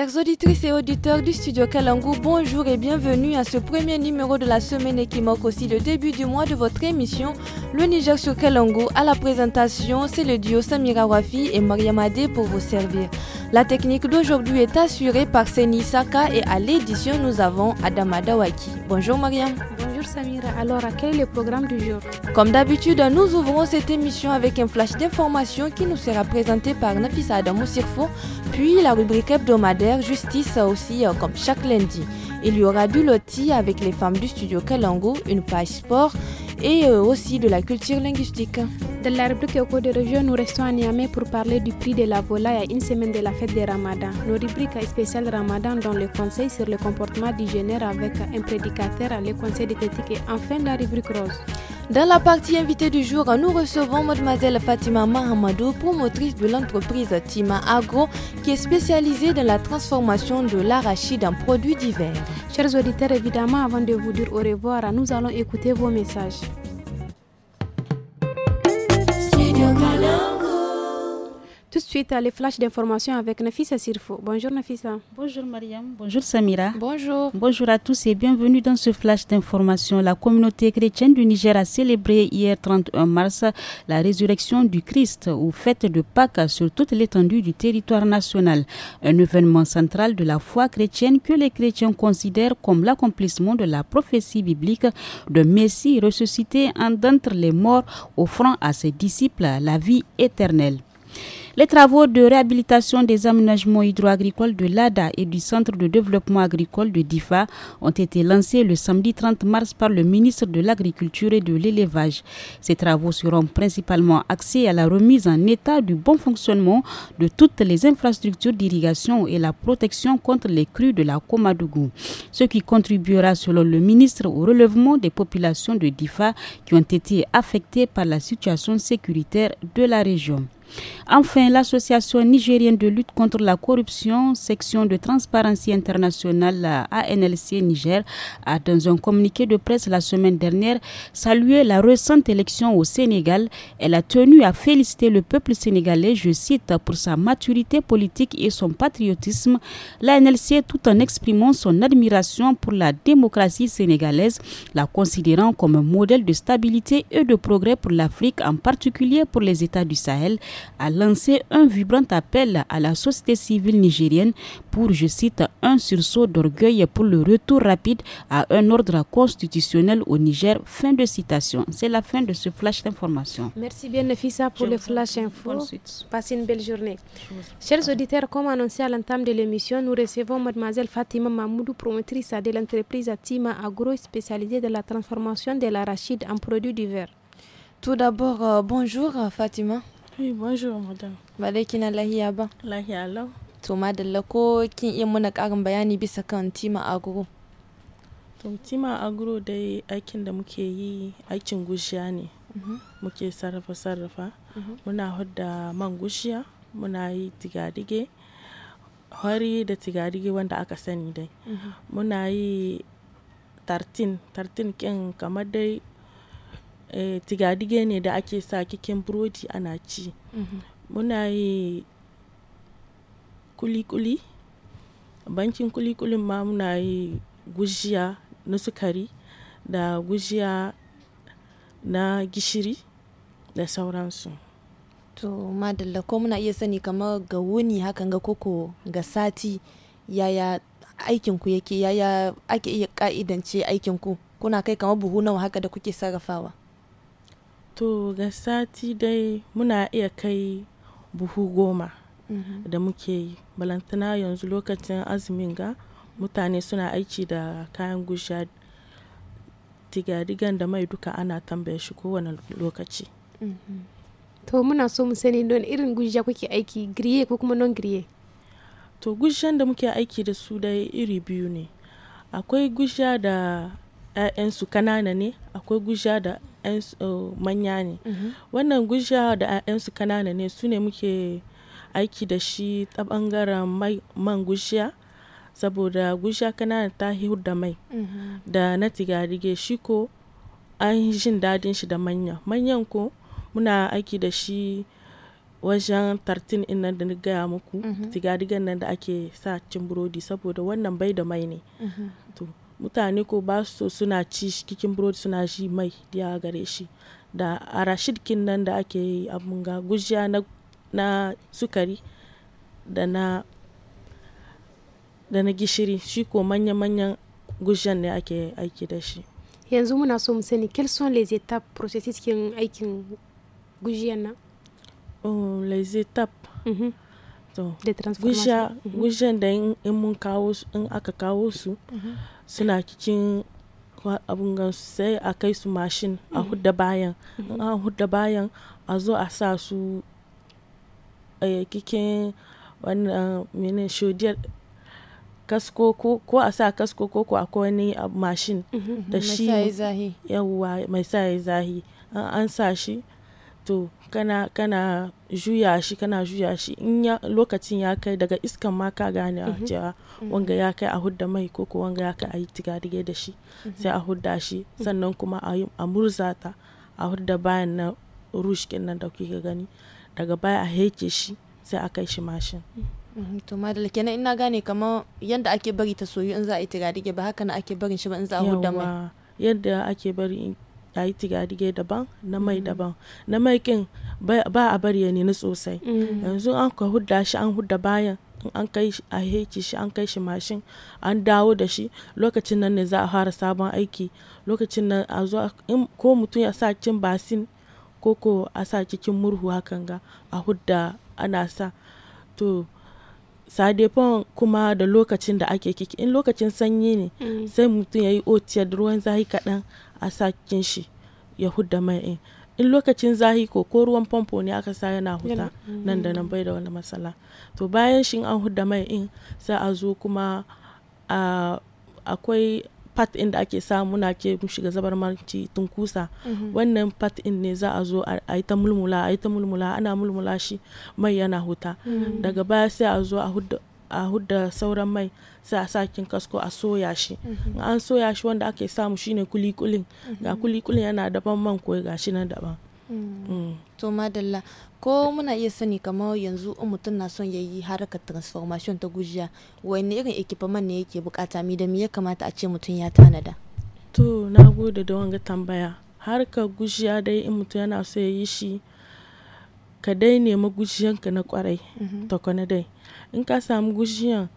Chers auditrices et auditeurs du studio Kalango bonjour et bienvenue à ce premier numéro de la semaine et qui marque aussi le début du mois de votre émission Le Niger sur Kalango À la présentation, c'est le duo Samira Wafi et Mariamade pour vous servir. La technique d'aujourd'hui est assurée par Seni Saka et à l'édition, nous avons Adama Dawaki. Bonjour Mariam. Bonjour Samira. Alors, à quel est le programme du jour Comme d'habitude, nous ouvrons cette émission avec un flash d'information qui nous sera présenté par Nafisa Adamo Sirfo, puis la rubrique hebdomadaire Justice aussi, euh, comme chaque lundi. Il y aura du loti avec les femmes du studio Kalango, une page sport et euh, aussi de la culture linguistique. Dans la rubrique au cours de Région, nous restons à Niamey pour parler du prix de la volaille à une semaine de la fête des Ramadan. Nos rubriques spéciales Ramadan dans le conseil sur le comportement du avec un prédicateur, à le conseil d'éthique et enfin la rubrique rose. Dans la partie invitée du jour, nous recevons Mademoiselle Fatima Mahamadou, promotrice de l'entreprise Tima Agro, qui est spécialisée dans la transformation de l'arachide en produits divers. Chers auditeurs, évidemment, avant de vous dire au revoir, nous allons écouter vos messages. Tout de suite, les flashs d'informations avec Nafisa Sirfo. Bonjour Nafisa. Bonjour Mariam. Bonjour Samira. Bonjour. Bonjour à tous et bienvenue dans ce flash d'informations. La communauté chrétienne du Niger a célébré hier 31 mars la résurrection du Christ ou fête de Pâques sur toute l'étendue du territoire national. Un événement central de la foi chrétienne que les chrétiens considèrent comme l'accomplissement de la prophétie biblique de Messie ressuscité en d'entre les morts, offrant à ses disciples la vie éternelle. Les travaux de réhabilitation des aménagements hydroagricoles de l'ADA et du Centre de développement agricole de DIFA ont été lancés le samedi 30 mars par le ministre de l'Agriculture et de l'Élevage. Ces travaux seront principalement axés à la remise en état du bon fonctionnement de toutes les infrastructures d'irrigation et la protection contre les crues de la Komadougou, ce qui contribuera selon le ministre au relèvement des populations de DIFA qui ont été affectées par la situation sécuritaire de la région. Enfin, l'association nigérienne de lutte contre la corruption, section de transparence internationale la ANLC Niger, a dans un communiqué de presse la semaine dernière salué la récente élection au Sénégal. Elle a tenu à féliciter le peuple sénégalais, je cite, pour sa maturité politique et son patriotisme. L'ANLC, tout en exprimant son admiration pour la démocratie sénégalaise, la considérant comme un modèle de stabilité et de progrès pour l'Afrique, en particulier pour les États du Sahel, a lancé un vibrant appel à la société civile nigérienne pour, je cite, un sursaut d'orgueil pour le retour rapide à un ordre constitutionnel au Niger. Fin de citation. C'est la fin de ce flash d'information. Merci bien, Nefissa, pour le flash info. Passez une belle journée. Chers auditeurs, comme annoncé à l'entame de l'émission, nous recevons Mademoiselle Fatima Mamoudou, promotrice de l'entreprise Atima Agro, spécialisée dans la transformation de l'arachide en produits divers. Tout d'abord, euh, bonjour euh, Fatima. Oui, eh, bonjour Ba lahiya ba? Lahiya lau. To madalla ko kin iya muna ƙarin bayani bisa kan tima agro? To tima agro dai aikin da muke yi aikin gushiya ne. Mhm. Muke sarrafa sarrafa. Mhm. Muna hudda man gushiya, muna yi digadige, hori da digadige wanda aka sani dai. Mhm. Muna yi tartin, tartin kin kamar dai Eh, tigadige ne da ake sa kikin burodi ana ci mhm. muna yi kuli-kuli bankin kuli-kulin ma muna yi gujiya na sukari da gujiya na gishiri da sauransu to madalla ko muna iya sani kamar ga wuni hakan ga koko ga sati yaya aikinku yake yaya ake iya ka'idance aikinku kuna kai kamar buhu nawa haka da kuke sarrafawa To ga sati dai muna iya kai buhu goma mm-hmm. da muke yi. Balantana yanzu lokacin azumin ga mutane suna aiki da kayan gusha, digadigan da mai duka ana tambaya shi kowane lokaci. Mm-hmm. To muna so mu sani don irin gusha kuke aiki, griye ko kuma non griye? To gushen da muke aiki da su dai iri biyu ne. Akwai gusha da 'ya'yansu kanana ne, akwai gusha da 'ya'yansu manya ne mm-hmm. wannan gusha da 'ya'yansu kanana ne su ne muke aiki da shi ta ɓangaren man gujiya saboda gusha kanana ta hihur da mai mm-hmm. da na tigarige shi ko an jin dadin shi da manya manyan ko muna aiki da shi wajen tartin in da na gaya muku mm-hmm. tigarigen nan da ake sa cin burodi saboda wannan bai da mai ne mutane ko ba su suna ci cikin burodi suna shi mai diya gare shi da arashid kin nan da ake yi abun ga gujiya na, na sukari da na da na gishiri shi ko manya-manyan gujiyan ne ake aiki da shi yanzu muna so mu sani quelles sont les étapes processus kin aikin gujiyan nan oh, les étapes mm to so, gujiya mhm. gujiyan da in mun kawo in aka kawo su mm -hmm. suna cikin abin gan sai a kai su mashin a mm. hudda bayan mm. A hudda bayan a zo a sa su kikin wannan mene shodiyar kasko ko a sa kasko ko ko akwai wani mashin mm-hmm. da shi yawwa mai sa ya zahi an sa shi to kana kana juya shi kana juya shi in ya lokacin ya kai daga iskan ma ka gane a mhm. cewa mhm. wanga ya kai a hudda mai ko ko wanga ya kai a yi tigadige da shi mhm. sai a hudda shi sannan kuma a murza ta a hudda bayan na rush nan da kuke gani daga baya a heke shi sai a kai shi mashin to madalla kenan ina gane kamar yadda ake bari ta soyu in za a yi tigadige ba haka na ake barin shi ba in za a hudda mai yadda ake bari ya yi tigadige daban na mai mm. daban na mai kin ba a bari ya nini sosai mm. yanzu an ka hudda shi an hudda bayan an kai a heci shi an kai shi mashin an dawo da shi lokacin nan ne za a fara sabon aiki lokacin nan a zo ko mutum ya sa cin basin ko ko a sa cikin murhu hakan ga a hudda ana sa to sadefon kuma da lokacin da ake kiki in lokacin sanyi ne mm. sai mutum ya yi otiyar ruwan zahi kaɗan a sakin shi ya hudda mai in in lokacin zahi ko ko ruwan famfo ne aka sa yana huta nan da nan bai da wani matsala to bayan shi an hudda mai in sai a zo kuma akwai part in da ake samu na ke shiga zabar marci kusa mhm. wannan part in ne za a zo a yi ta mulmula a yi ta mulmula ana mulmula shi mai yana huta mhm. daga baya sai a zo a hudda a hudda sauran mai sai a sakin kasko a soya shi mhm. an soya shi wanda ake samu shine kulikulin ga mhm. kulikulin yana daban man koyi ga shi na daban mm. Mm. to madalla ko muna iya sani kamar yanzu in mutum na son yayi harkar transformation ta gujiya wani irin equipment ne yake bukata mi da mi ya kamata a ce mutum ya tanada to na gode da wanga tambaya harkar gujiya dai in mutum yana so ya yi shi ka dai nemi gujiyanka na kwarai mhm. kwana dai in ka samu gujiyan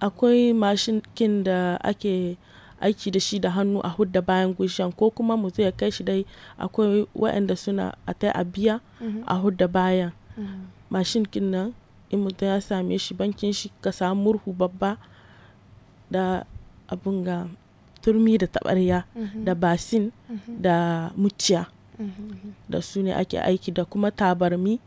akwai mashinkin da ake aiki da shi da hannu a hudda bayan gujiyan ko kuma mu ya kai shi dai akwai waɗanda suna a tai a biya mhm. a hudda bayan mhm. mashinkin nan in mutum ya same shi bankin shi ka samu murhu babba da abin ga turmi da tabarya da basin da muciya da su ne ake aiki da kuma tabarmi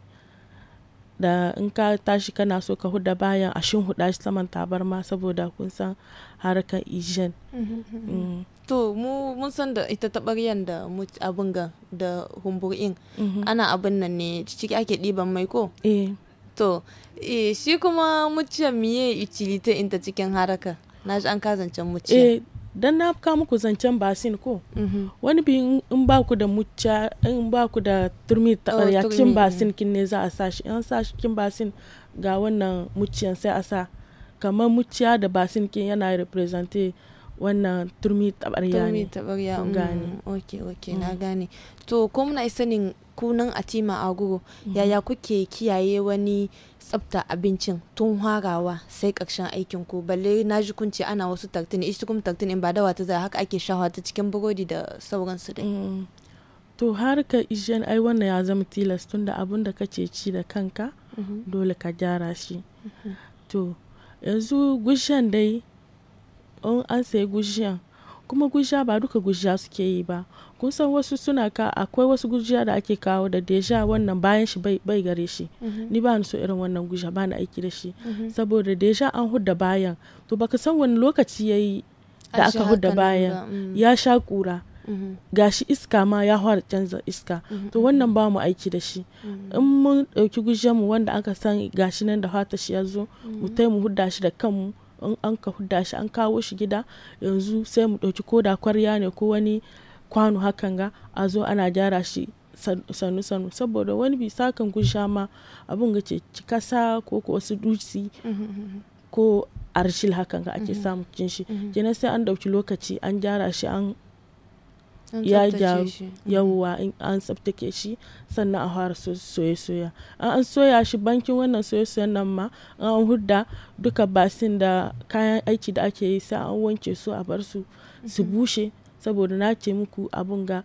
da in ka tashi kana so ka huda bayan a shin huda shi saman tabarma saboda kun san harkar ijen. Mm. to mu mun san da ita tabaryan da abin ga da humburin mm-hmm. ana abin nan ne ciki ake ɗiban mai ko eh. to eh, shi kuma muciya miye utility inta cikin haraka na ji an kazancen muciya dan na ka muku zancen basin ko mhm. wani bi in ba ku da mucca in ba ku da turmi oh, ya cin basin kin ne za a sa shi an sa shi basin ga wannan mucciyan sai a sa kamar mucciya da basin kin yana represente wannan turmi tabarya ne turmi tabarya mm, gani ok ok na mm. gane to ko muna sanin kunan atima agogo mhm. yaya kuke kiyaye wani tsabta abincin tun harawa sai ƙarshen aikin ku balle na ji kunce ana wasu taktin ishi kuma taktin in ba dawa ta zai haka ake shawa ta cikin burodi da sauransu dai mm. to harkar ishen ai wannan ya zama tilas da abun da kace ci da kanka mm-hmm. dole ka gyara shi mm-hmm. to yanzu gushen dai an sai gushen kuma gusha ba duka gusha suke yi ba kun san wasu suna ka akwai wasu gujiya da ake kawo da deja wannan bayan shi bai, gare shi mhm. ni ba so irin wannan gujiya ba ni aiki da shi mhm. saboda deja an hudda bayan to baka san wani lokaci yayi da aka hudda bayan mm. ya sha kura mhm. gashi iska ma ya fara canza iska to wannan ba mu aiki da shi in mun ɗauki gujiyar mu wanda aka san gashi nan da fata shi ya zo mu tai mu hudda shi da kanmu in an ka hudda shi an kawo shi gida yanzu sai mu ɗauki ko da kwarya ne ko wani kwano hakan ga a zo ana gyara shi sannu sannu saboda wani bisa kan gusha ma abun ga ce kasa ko ko wasu dutsi ko arshil hakan ga ake mm-hmm. samu cin shi mm-hmm. kenan sai an dauki lokaci an gyara shi an ya yawwa mm-hmm. an tsabtake shi sannan a fara soye-soya an soya shi bankin wannan soye soyan nan ma an hudda duka basin da kayan aiki da ake yi sai an wanke su a bar su su bushe saboda na ce muku abun ga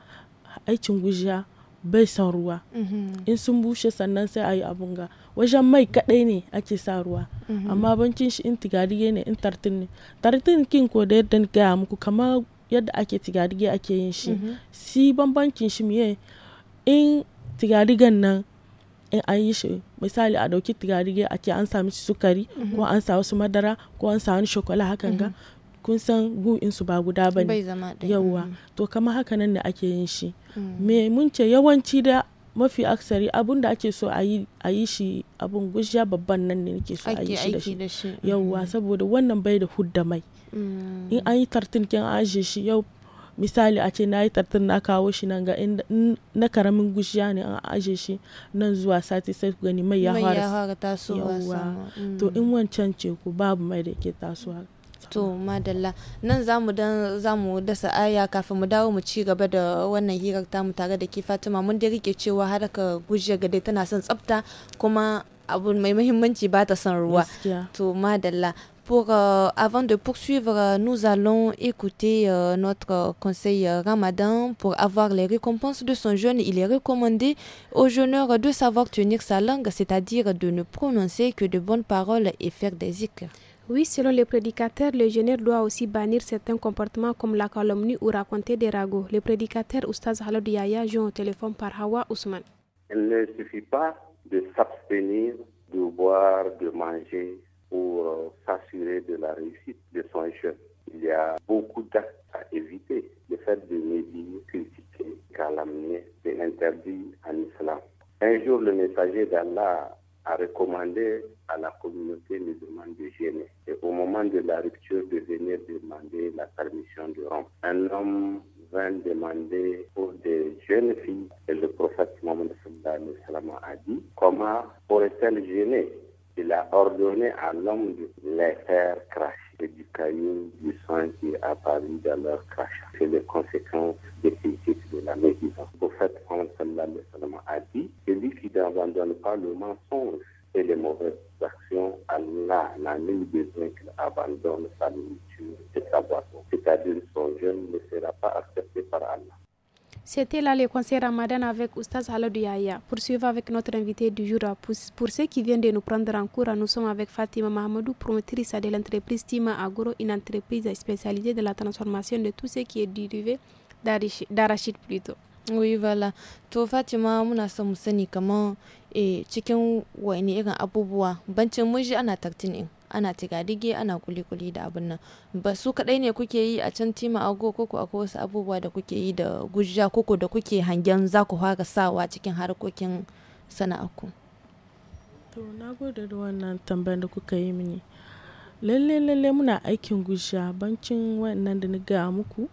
aikin gujiya bai san ruwa mm-hmm. in sun bushe sannan sai a yi abun ga wajen mai kaɗai ne ake sa ruwa mm-hmm. amma bankin shi in tigarige ne in tartin ne tartin kin ko da yadda gaya muku kamar yadda ake tigarige ake yin shi mm-hmm. si bambancin shi miye in tigarigan nan in an yi shi misali a dauki tigarige ake an sami sukari ko an sa wasu madara ko an sa wani shokola hakan ga kun san gu su ba guda ba ne yauwa mm. to kama haka nan da ake yin shi mm. me mun ce yawanci da mafi aksari abun da ake so a yi shi abun gushiya babban nan ne nake so a yi shi da shi yawwa mm. saboda wannan bai da hudda mai in an yi tartin kin aje shi yau misali a ce na yi tartin na kawo shi nan ga na karamin gushiya ne an aje shi nan zuwa sati sai ku gani mai ya fara tasowa to in wancan ce ku babu mai da ke tasowa to madalla nan zamu dan zamu dasa aya kafin mu dawo mu ci gaba da wannan hirar tamu tare da ke Fatima mun da rike cewa haraka gujiyar gade tana son tsafta kuma abu mai muhimmanci ba ta son ruwa to madalla Pour, euh, avant de poursuivre, nous allons écouter euh, notre conseil ramadan. Pour avoir les récompenses de son jeûne, il est recommandé aux jeûneurs de savoir tenir sa langue, c'est-à-dire de ne prononcer que de bonnes paroles et faire des zikrs. Oui, selon les prédicateurs, le jeûneur doit aussi bannir certains comportements comme la calomnie ou raconter des ragots. Le prédicateur Oustaz Halod Yaya joue au téléphone par Hawa Ousmane. Il ne suffit pas de s'abstenir de boire, de manger pour euh, s'assurer de la réussite de son jeûne. Il y a beaucoup d'actes à éviter. Le fait de médire, critiquer, calomnier, c'est interdit en islam. Un jour, le messager d'Allah a recommandé à la communauté musulmane de gêner et au moment de la rupture de venir demander la permission de rompre. Un homme vint demander pour des jeunes filles et le prophète Mohammed a dit comment pourrait-elle gêner Il a ordonné à l'homme de les faire cracher et du caillou, du sang qui est apparu dans leur crachat. C'est les conséquences définitives de la médisance. Le prophète moment, a dit Celui qui n'abandonne pas le mensonge et les mauvaises actions, Allah n'a nul besoin qu'il abandonne sa nourriture et sa boisson. C'est-à-dire son jeûne ne sera pas accepté par Allah. C'était là les conseil ramadan avec Oustaz Aladou Yahya. Poursuivons avec notre invité du jour. Pour, ceux qui viennent de nous prendre en cours, nous sommes avec Fatima Mahamadou, promotrice de l'entreprise Tima Agro, une entreprise spécialisée dans la transformation de tout ce qui est dérivé d'arachide plutôt. Oui, voilà. To Fatima nous sommes mu et kaman ou eh, en wani irin abubuwa bancin mun ana ana tigadige ana kuli-kuli da abin nan ba su kadai ne kuke yi a can tima ago koko akwai wasu abubuwa da kuke yi da gujja koko da kuke hangen za ku fara sawa cikin harkokin sana'aku to na gode da wannan tambayar da kuka yi mini lalle lalle muna aikin gujja bancin wannan da na muku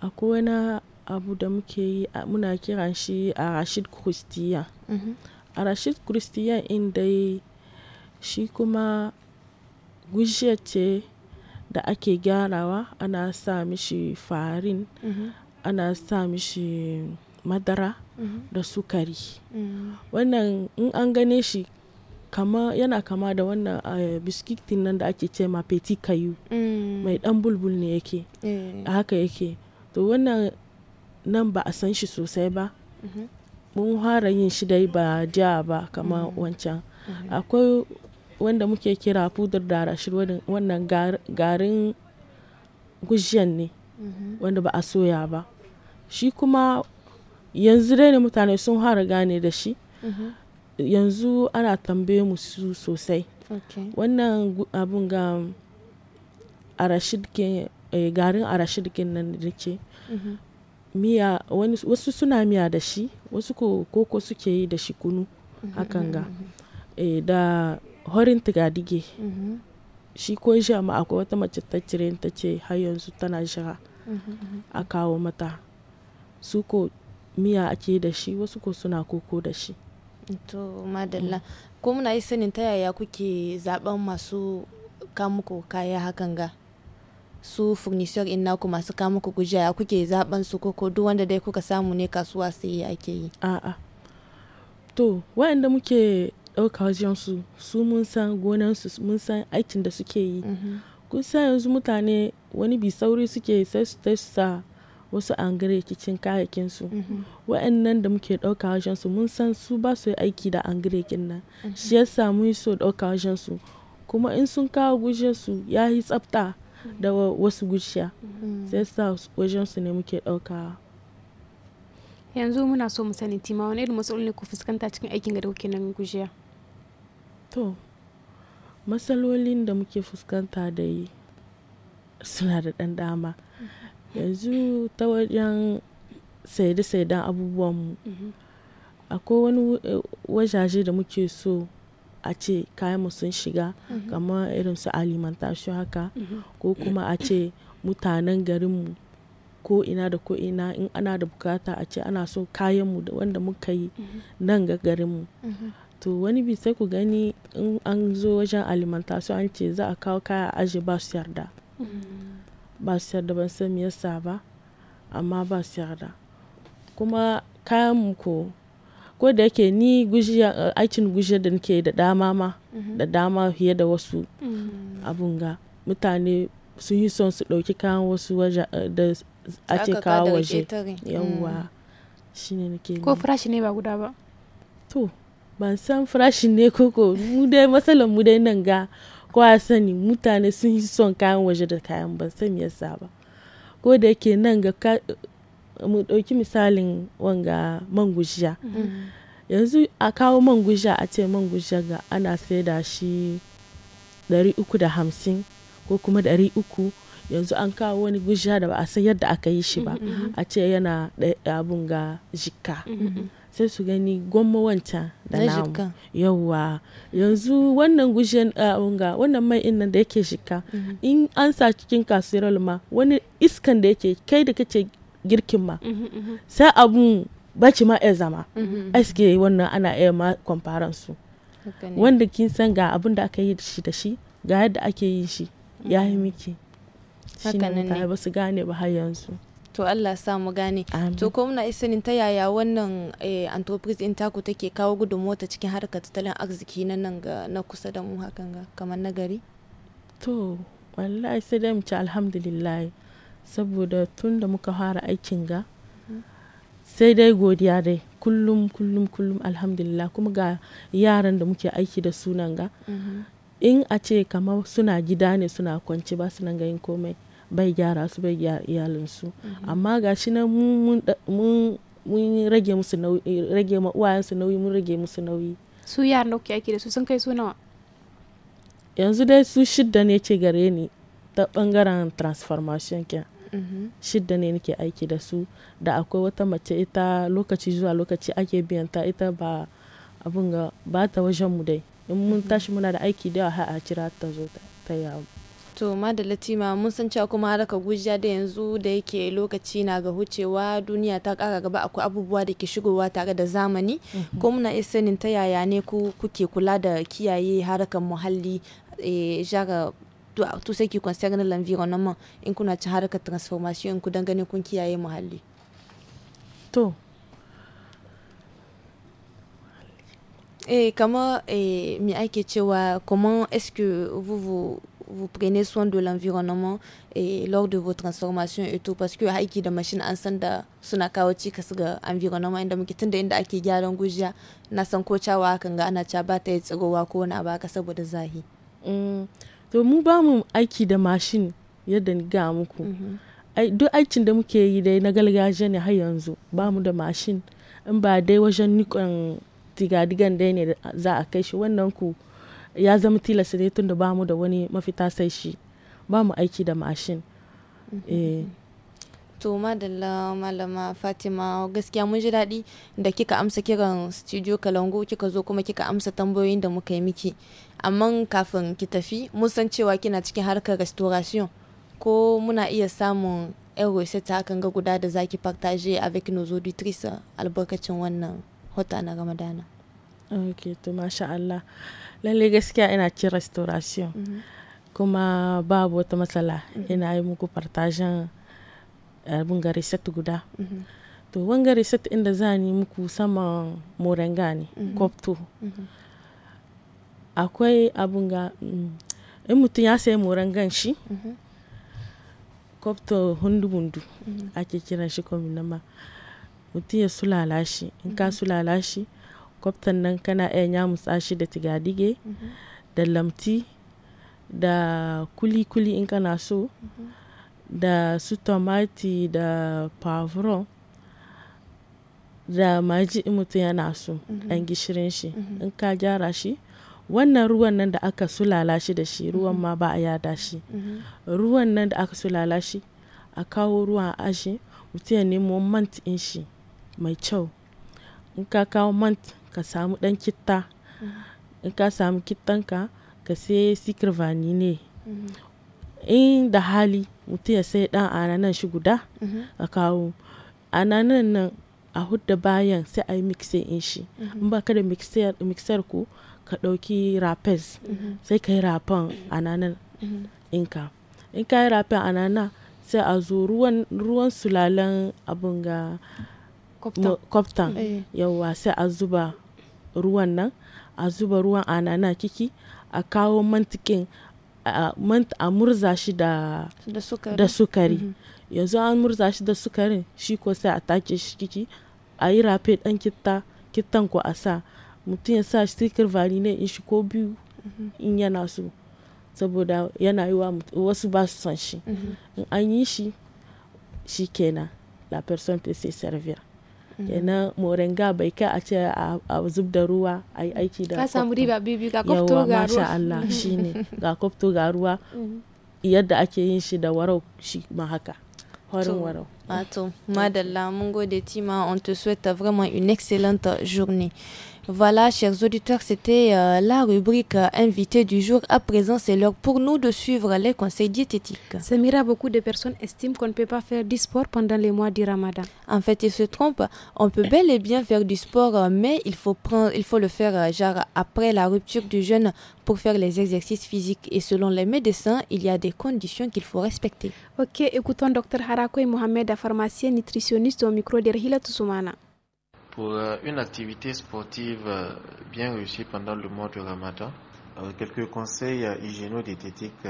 akwai wani abu da muke yi muna kiran shi a rashid christian mhm. a rashid christian in shi kuma Gujiya ce da ake gyarawa ana sa mishi farin, mm-hmm. ana sa mishi madara mm-hmm. da sukari. Mm-hmm. Wannan in an gane shi kama yana kama da wannan uh, eh, biskitin nan da ake ce ma petit kayu mm. Mai ɗan bulbul ne yake. Eh. Haka yake. To wannan nan ba a san shi sosai ba. Mun hara yin shi dai ba jiya ba -hmm. wancan. Akwai wanda muke kira pudur da rashid wannan garin gujiyan ne mhm. wanda ba a soya ba shi kuma yanzu dai ne mutane sun fara gane da shi mhm. yanzu ana tambaye mu su sosai wannan abun ga eh, garin arashid nan da ke mhm. wasu suna miya da shi wasu koko suke yi da shi kunu hakan ga eh, da horin tigadige mm-hmm. shi ko sha ma akwai wata mace ta cire ta ce har yanzu tana shiga mm-hmm, mm-hmm. a kawo mata su ko miya ake da shi wasu ko suna koko da shi to madalla ko muna yi sanin ta yaya kuke zaben masu kamuku kaya hakan ga su furnisher in naku masu kamuku gujiya kuke zaben su ko duk wanda dai kuka samu ne kasuwa sai ake yi a'a to wa'anda muke ɗauka wajensu su mun san gonansu mun san aikin da suke yi mm-hmm. kun san yanzu mutane wani bi sauri suke sai su ta sa wasu angare kicin kayakin su mm-hmm. wa'annan da muke ɗauka wajen su mun san su ba su yi aiki da angare kin nan mm-hmm. shi yasa mun so ɗauka wajen su kuma in sun kawo gushe su ya yi tsafta da wasu gushiya sai sa wajen su ne muke ɗauka yanzu muna so mu sani tima wani irin matsaloli ku fuskanta cikin aikin ga da kuke nan gujiya To, matsalolin da muke fuskanta dai suna da ɗan dama. Mm-hmm. Yanzu ta wajen saide-saiden abubuwanmu. Mm-hmm. Akwai wani eh, wajaje da muke so a ce mu sun shiga mm-hmm. kamar irin su alimantashi haka ko kuma a ce mutanen garinmu ko ina da ko ina in ana da bukata a ce ana so kayanmu da wanda muka yi nan ga garinmu. To wani bi sai ku gani in an zo wajen alimentation an ce za a kawo kaya a aje ba su yarda. Ba su yarda ban san me yasa ba amma ba su yarda. Kuma kayan mu ko, ko da yake ni gujiya, aikin gujiyar da nake da dama ma, da dama fiye da wasu abun ga. Mutane sun yi son su ɗauki kayan wasu waje eh, da ake kawo waje. Yauwa mm. shine nake. Ko farashi ne ba guda ba. To. ban san farashin ne koko mu dai matsalar mu dai nan ga kowa sani mutane sun yi son kayan waje da kayan ban san yasa ba ko da yake nan ga mu ɗauki misalin wanga man gujiya mm-hmm. yanzu a kawo man a ce man gujiya ga ana da shi 350 ko kuma 300 yanzu an kawo wani gujiya da ba a san yadda aka yi shi ba mm-hmm. a ce yana abun ga jika. Mm-hmm. sai su gani gwamma wancan da namu yawwa yanzu wannan gushen unga ah, wannan mai in da yake shika mhm. in an sa cikin kasuwar ma wani iskan da yake kai da kace girkin ma mhm, mhm. sai abun baci ma ya zama aske wannan ana iya ma kwamfaran su wanda kin san ga abun da aka yi shi da shi ga yadda ake yin shi ya yi miki shi ne ba su gane ba har yanzu to Allah sa mu gane to ko muna isanin ta yaya wannan eh, entreprise in taku take kawo gudun mota cikin harkar tattalin arziki na nan ga na kusa da mu hakan ga kamar na to wallahi sai dai mu ci alhamdulillah saboda tun da muka fara aikin ga mm. sai dai godiya dai kullum kullum kullum alhamdulillah kuma ga yaran da muke aiki da sunan ga mm-hmm. in a ce kamar suna gida ne suna kwanci ba su nan ga yin komai bai gyara su bai gyara iyalinsu mm-hmm. amma ga shi na mun mun rage musu nauyi rage ma uwayensu nauyi mun rage musu nauyi su yaran da kuke aiki da su sun kai su nawa yanzu dai su shidda ne ke gare ni ta bangaren transformation ke mm-hmm. shidda ne nake aiki da su da akwai wata mace ita lokaci zuwa lokaci ake biyan ta ita ba abin ga ba ta wajen mu dai in mun mm-hmm. tashi muna da aiki da yawa a kira ta zo ta yawo To da latima mun san cewa kuma haraka gujiya da yanzu da yake lokaci na ga hucewa duniya ta kara gaba akwai abubuwa da ke shigowa tare da zamani mhm. ko muna iya sanin ta yaya ne ku kuke kula da kiyaye harakan muhalli e, eh, jaga tout ce qui concerne l'environnement in kuna ci harkar transformation in ku dan kun kiyaye muhalli to eh kama eh ake cewa comment est-ce que vous vous vous prenez soin de l'environnement et lors de vos transformations et tout parce que aiki da machine an san da suna kawo cikas ga environment inda muke tunda inda ake gyaran gujiya na san ko cawa hakan ga ana ca ba ta yi tsirowa ko wani ba ka saboda zahi mm. to mu ba mu aiki da mashin yadda ga muku mm-hmm. duk aikin da muke yi dai na gargajiya ne har yanzu ba mu da mashin in ba dai wajen nikon digadigan dai ne za a kai shi wannan ku ya zama tilasta ne tunda ba mu da wani mafita sai shi ba mu aiki da mashin mm-hmm. eh. to madalla malama fatima gaskiya mun ji daɗi da kika amsa kiran studio kalango kika zo kuma kika amsa tambayoyin da muka yi miki amma kafin ki tafi mun san cewa kina cikin harkar restoration ko muna iya samun yan rosetta hakan ga guda da zaki partage avec nos auditrices albarkacin wannan hota na ramadana Ok, to masha Allah. Lallai gaskiya ina ci restoration mhm. kuma babu wata matsala mhm. ina yi muku partajen eh, abin gari set guda. Mhm. To wanga set inda za ni muku saman moringa ne, kwafto. Akwai abin ga mm, in mutum ya sayi moringan shi, kwafto hundu-hundu ake kiran shi kwamina nama. Mutum ya sulala shi, in ka sulala shi helicopter nan kana iya musa shi da tigadige mhm. da lamti da kuli-kuli in kana so mhm. da su tomati da pavron da maji in mutum yana so mhm. ɗan gishirin shi in ka gyara shi wannan ruwan nan da aka sulala shi da shi ruwan ma ba a yada shi ruwan nan da aka sulala shi a kawo ruwan ashe mutum ya nemo mant in shi mai kyau in ka kawo mant ka samu ɗan kitta in ka samu kittanka ka sai sikir ne. in da hali mutum ya sai ɗan ananan shi guda a kawo ananan nan a hudda bayan sai a yi in shi in ba ka da mixer ku ka ɗauki rapes sai ka yi rapen ananan inka in ka yi rapen anana sai a zo ruwan sulalen abin ga kwaftan eh. yawwa sai a zuba ruwan nan a zuba ruwan anana ciki a kawo mantikin a, murza shi da, sukari mhm. yanzu an murza shi da sukari shi ko sai a take shi ciki a yi rafe dan kitta kittan ko a sa mutum ya sa sikir valine in shi ko biyu mhm. in yana so saboda yana yi wa wasu ba su son shi mhm. in an yi shi shi kenan la personne peut se servir Mm-hmm. kenan moringa bai kai a ce a zub da ruwa a yi aiki da ka samu riba bibi ga ga ruwa masha Allah shine ga kwafto ga ruwa mm-hmm. yadda ake yin shi da warau shi ma haka horin warau Attends, Madala, de Tima, on te souhaite vraiment une excellente journée. Voilà, chers auditeurs, c'était euh, la rubrique euh, invité du jour. À présent, c'est l'heure pour nous de suivre les conseils diététiques. Samira, beaucoup de personnes estiment qu'on ne peut pas faire du sport pendant les mois du ramadan. En fait, ils se trompent. On peut bel et bien faire du sport, euh, mais il faut, prendre, il faut le faire genre après la rupture du jeûne pour faire les exercices physiques. Et selon les médecins, il y a des conditions qu'il faut respecter. Ok, écoutons Dr Harakoui Mohamed pharmacien nutritionniste au micro d'Erhila Toussoumana. Pour euh, une activité sportive euh, bien réussie pendant le mois de Ramadan, euh, quelques conseils hygiéno-diététiques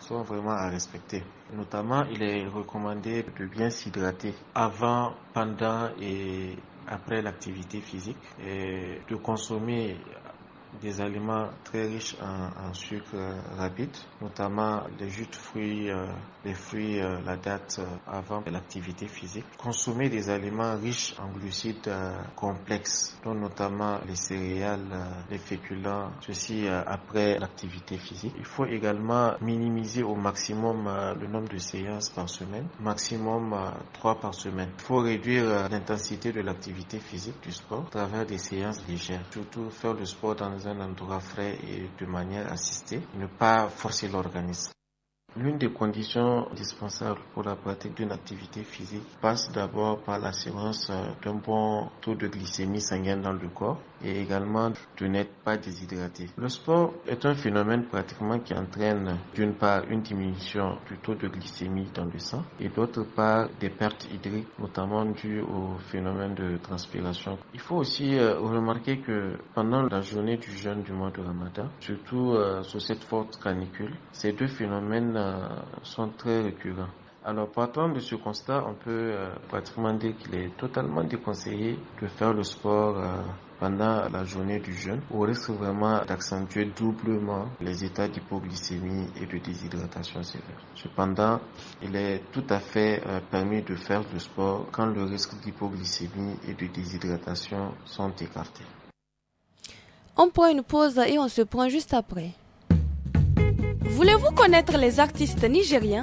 sont vraiment à respecter. Notamment, il est recommandé de bien s'hydrater avant, pendant et après l'activité physique et de consommer des aliments très riches en, sucre rapide, notamment les jus de fruits, euh, les fruits, euh, la date euh, avant l'activité physique. Consommer des aliments riches en glucides complexes, dont notamment les céréales, les féculents, ceci après l'activité physique. Il faut également minimiser au maximum le nombre de séances par semaine, maximum 3 par semaine. Il faut réduire l'intensité de l'activité physique du sport à travers des séances légères, surtout faire le sport dans un endroit frais et de manière assistée, ne pas forcer l'organisme. L'une des conditions indispensables pour la pratique d'une activité physique passe d'abord par l'assurance euh, d'un bon taux de glycémie sanguine dans le corps et également de n'être pas déshydraté. Le sport est un phénomène pratiquement qui entraîne d'une part une diminution du taux de glycémie dans le sang et d'autre part des pertes hydriques notamment dues au phénomène de transpiration. Il faut aussi euh, remarquer que pendant la journée du jeûne du mois de Ramadan, surtout euh, sous cette forte canicule, ces deux phénomènes euh, sont très récurrents. Alors partant de ce constat, on peut euh, pratiquement dire qu'il est totalement déconseillé de faire le sport euh, pendant la journée du jeûne, au risque vraiment d'accentuer doublement les états d'hypoglycémie et de déshydratation sévère. Cependant, il est tout à fait euh, permis de faire le sport quand le risque d'hypoglycémie et de déshydratation sont écartés. On prend une pause et on se prend juste après. Voulez-vous connaître les artistes nigériens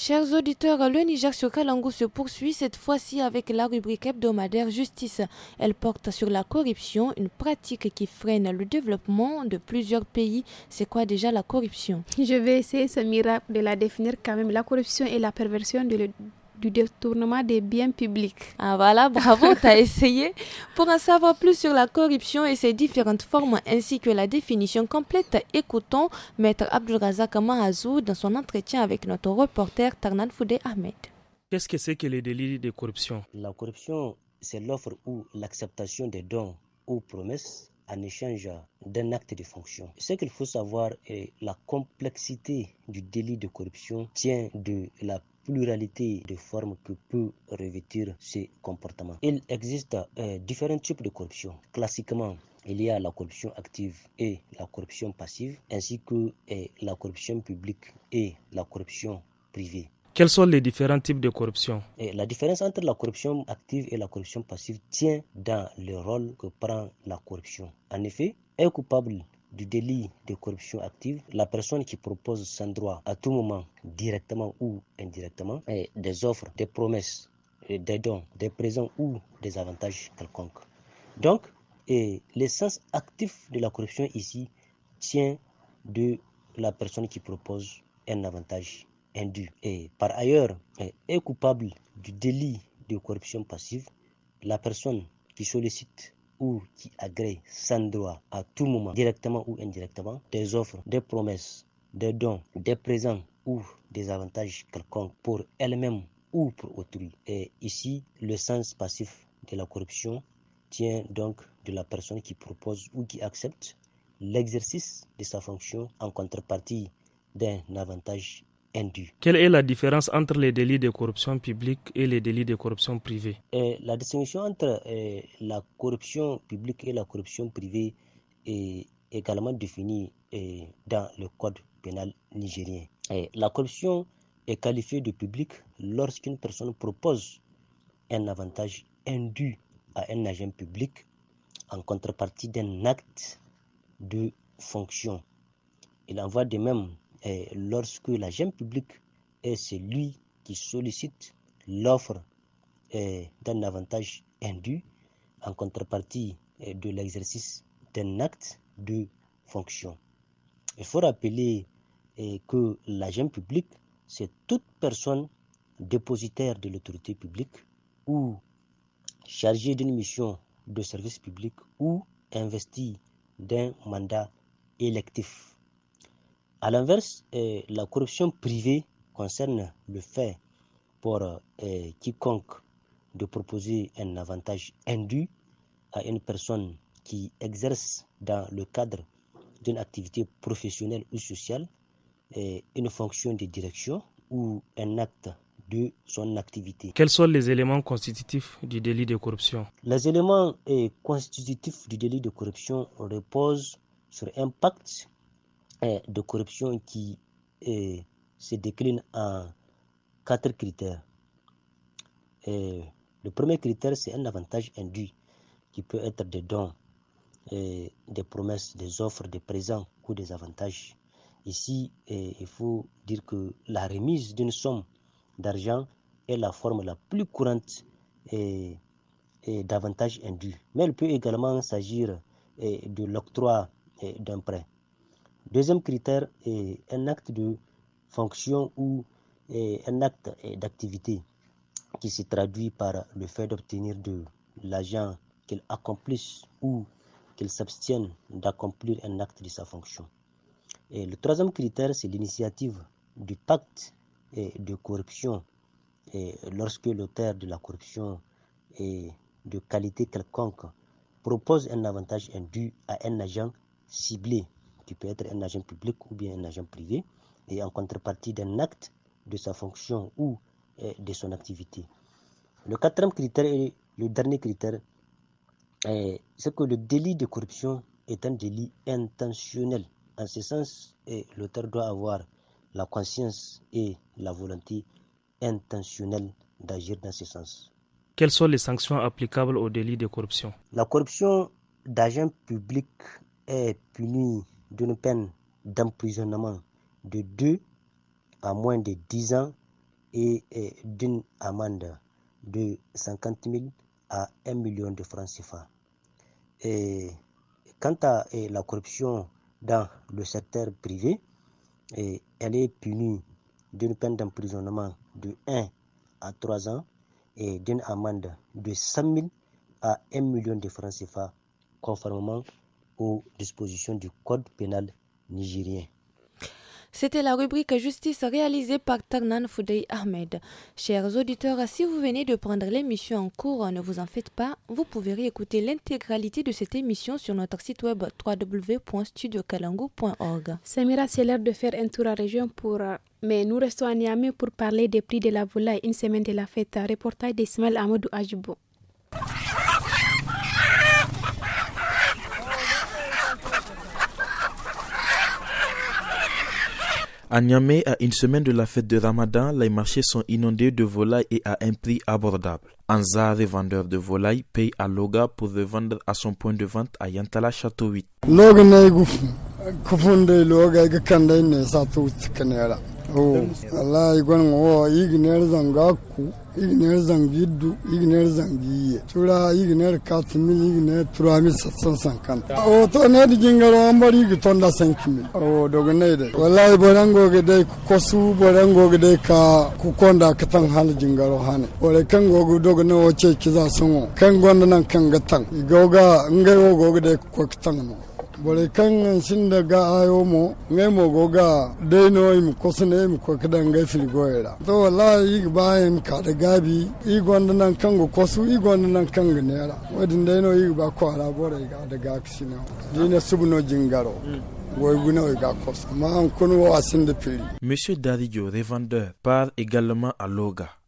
Chers auditeurs, le Niger sur Kalango se poursuit cette fois-ci avec la rubrique hebdomadaire Justice. Elle porte sur la corruption, une pratique qui freine le développement de plusieurs pays. C'est quoi déjà la corruption Je vais essayer, ce miracle de la définir quand même. La corruption est la perversion de, le, du détournement des biens publics. Ah voilà, bravo, t'as essayé. Pour en savoir plus sur la corruption et ses différentes formes ainsi que la définition complète, écoutons Maître Abdulrazak Mahazou dans son entretien avec notre reporter Tarnan Foudé Ahmed. Qu'est-ce que c'est que les délits de corruption La corruption, c'est l'offre ou l'acceptation des dons ou promesses en échange d'un acte de fonction. Ce qu'il faut savoir est la complexité du délit de corruption tient de la pluralité de formes que peut revêtir ce comportement. Il existe euh, différents types de corruption. Classiquement, il y a la corruption active et la corruption passive, ainsi que euh, la corruption publique et la corruption privée. Quels sont les différents types de corruption euh, La différence entre la corruption active et la corruption passive tient dans le rôle que prend la corruption. En effet, un coupable du délit de corruption active, la personne qui propose son droit à tout moment, directement ou indirectement, et des offres, des promesses, des dons, des présents ou des avantages quelconques. Donc, l'essence active de la corruption ici tient de la personne qui propose un avantage indu. Et par ailleurs, est coupable du délit de corruption passive la personne qui sollicite ou qui agrée sans droit à tout moment, directement ou indirectement, des offres, des promesses, des dons, des présents ou des avantages quelconques pour elle-même ou pour autrui. Et ici, le sens passif de la corruption tient donc de la personne qui propose ou qui accepte l'exercice de sa fonction en contrepartie d'un avantage quelle est la différence entre les délits de corruption publique et les délits de corruption privée euh, La distinction entre euh, la corruption publique et la corruption privée est également définie euh, dans le Code pénal nigérien. la corruption est qualifiée de publique lorsqu'une personne propose un avantage indu à un agent public en contrepartie d'un acte de fonction. Il en va de même lorsque l'agent public est celui qui sollicite l'offre eh, d'un avantage indu en contrepartie eh, de l'exercice d'un acte de fonction. Il faut rappeler eh, que l'agent public, c'est toute personne dépositaire de l'autorité publique ou chargée d'une mission de service public ou investie d'un mandat électif. À l'inverse, euh, la corruption privée concerne le fait pour euh, quiconque de proposer un avantage indu à une personne qui exerce dans le cadre d'une activité professionnelle ou sociale et euh, une fonction de direction ou un acte de son activité. Quels sont les éléments constitutifs du délit de corruption Les éléments constitutifs du délit de corruption reposent sur un pacte de corruption qui eh, se décline en quatre critères. Eh, le premier critère, c'est un avantage induit qui peut être des dons, eh, des promesses, des offres, des présents ou des avantages. Ici, il faut dire que la remise d'une somme d'argent est la forme la plus courante d'avantage induit. Mais elle peut également s'agir de l'octroi d'un prêt. Deuxième critère est un acte de fonction ou eh, un acte eh, d'activité qui se traduit par le fait d'obtenir de l'agent qu'il accomplisse ou qu'il s'abstienne d'accomplir un acte de sa fonction. Et le troisième critère, c'est l'initiative du pacte eh, de corruption et lorsque l'auteur de la corruption et de qualité quelconque propose un avantage indu à un agent ciblé qui être un agent public ou bien un agent privé, et en contrepartie d'un acte de sa fonction ou euh, de son activité. Le quatrième critère et le dernier critère, c'est que le délit de corruption est un délit intentionnel. En ce sens, euh, l'auteur doit avoir la conscience et la volonté intentionnelle d'agir dans ce sens. Quelles sont les sanctions applicables au délit de corruption La corruption d'agent public est punie d'une peine d'emprisonnement de 2 à moins de 10 ans et, d'une amende de 50 000 à 1 million de francs CFA. Et quant à la corruption dans le secteur privé, elle est punie d'une peine d'emprisonnement de 1 à 3 ans et d'une amende de 100 000 à 1 million de francs CFA, conformément aux dispositions du Code pénal nigérien. C'était la rubrique Justice réalisée par Tarnan Foudey Ahmed. Chers auditeurs, si vous venez de prendre l'émission en cours, ne vous en faites pas, vous pouvez réécouter l'intégralité de cette émission sur notre site web www.studiocalango.org. Samira, c'est l'heure de faire un tour à région pour. Euh, mais nous restons à Niamey pour parler des prix de la volaille une semaine de la fête. Reportage d'Ismaël Amadou Ajibou. À Niamey, à une semaine de la fête de Ramadan, les marchés sont inondés de volailles et à un prix abordable. Anzar, vendeur de volailles, paye à Loga pour vendre à son point de vente à Yantala Château 8. Oh, o oh, oh, wallahi gwan wo igner zangaku igner zangidu igner zangiye tura igner katmi igner mi satsan sankan o to ne di gingaro ambar igi tonda sankimil o dogo ne de wallahi borango ge dai kosu borango ge dai ka ku konda katan hal jingaro hane ore kan gogo dogo ne o che kiza sunu kan gonda nan kan gatan igoga ngai wo gogo de ko katan no bore kan sin da ga ayo mo ngai mo go ga dai no im kosne im ko kadan ga filigo era to wallahi ga bayan ka da gabi i gonda nan kan go kosu i gonda nan kan ga nera wadin dai no i ba ko ara bore ga da ga kisina dina subno jingaro hmm. Monsieur Dadi Daridio, revendeur, part également à Loga.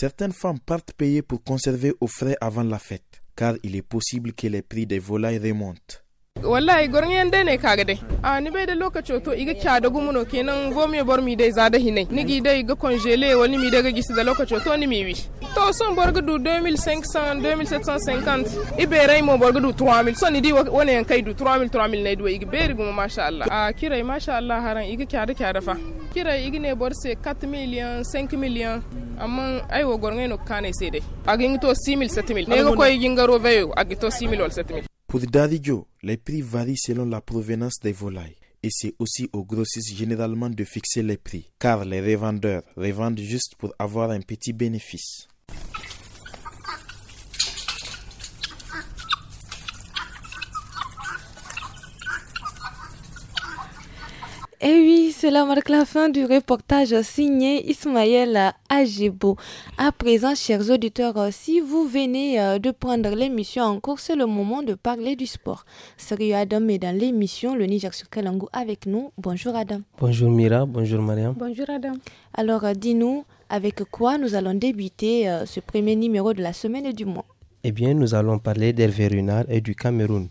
Certaines femmes partent payer pour conserver aux frais avant la fête, car il est possible que les prix des volailles remontent. wallahi gorin yan dai ne kaga dai a ni bai da lokaci to iga kya da gumuno kenan go me bar mi dai zada hinai nigi dai ga congele wani mi daga gisi da lokaci to ni mi wi to son bor gudu 2500 2750 ibe rai mo bor gudu 3000 son ni di wani yan kai du 3000 3000 ne duwa iga beri gumo masha Allah a kirai masha Allah haran iga kya da kya da fa kirai iga ne bor se 4 million 5 million amma ai wo gorin no kane sai dai agin to 6000 7000 ne ga koy gingaro a gito 6000 7000 Pour Daridjo, les prix varient selon la provenance des volailles. Et c'est aussi aux grossistes généralement de fixer les prix, car les revendeurs revendent juste pour avoir un petit bénéfice. cela marque la fin du reportage signé Ismaël Agebo. À présent, chers auditeurs, si vous venez euh, de prendre l'émission en cours, c'est le moment de parler du sport. Sérieux Adam est dans l'émission Le Niger sur Kalangu avec nous. Bonjour Adam. Bonjour Mira, bonjour Mariam. Bonjour Adam. Alors, euh, dis-nous avec quoi nous allons débuter euh, ce premier numéro de la semaine et du mois. Eh bien, nous allons parler d'Hervé et du Cameroun.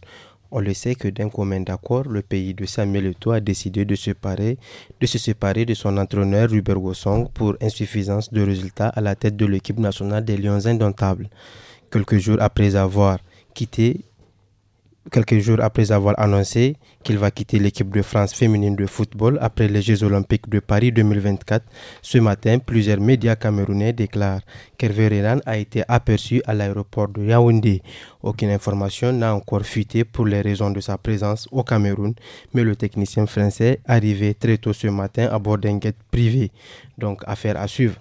On le sait que d'un commun d'accord, le pays de Samuel Eto'o a décidé de, de se séparer de son entraîneur Hubert Gossong pour insuffisance de résultats à la tête de l'équipe nationale des Lions indomptables. Quelques jours après avoir quitté quelques jours après avoir annoncé qu'il va quitter l'équipe de France féminine de football après les Jeux olympiques de Paris 2024. Ce matin, plusieurs médias camerounais déclarent qu'Hervé Renan a été aperçu à l'aéroport de Yaoundé. Aucune information n'a encore fuité pour les raisons de sa présence au Cameroun, mais le technicien français arrivé très tôt ce matin à bord d'un guet privé. Donc affaire à suivre.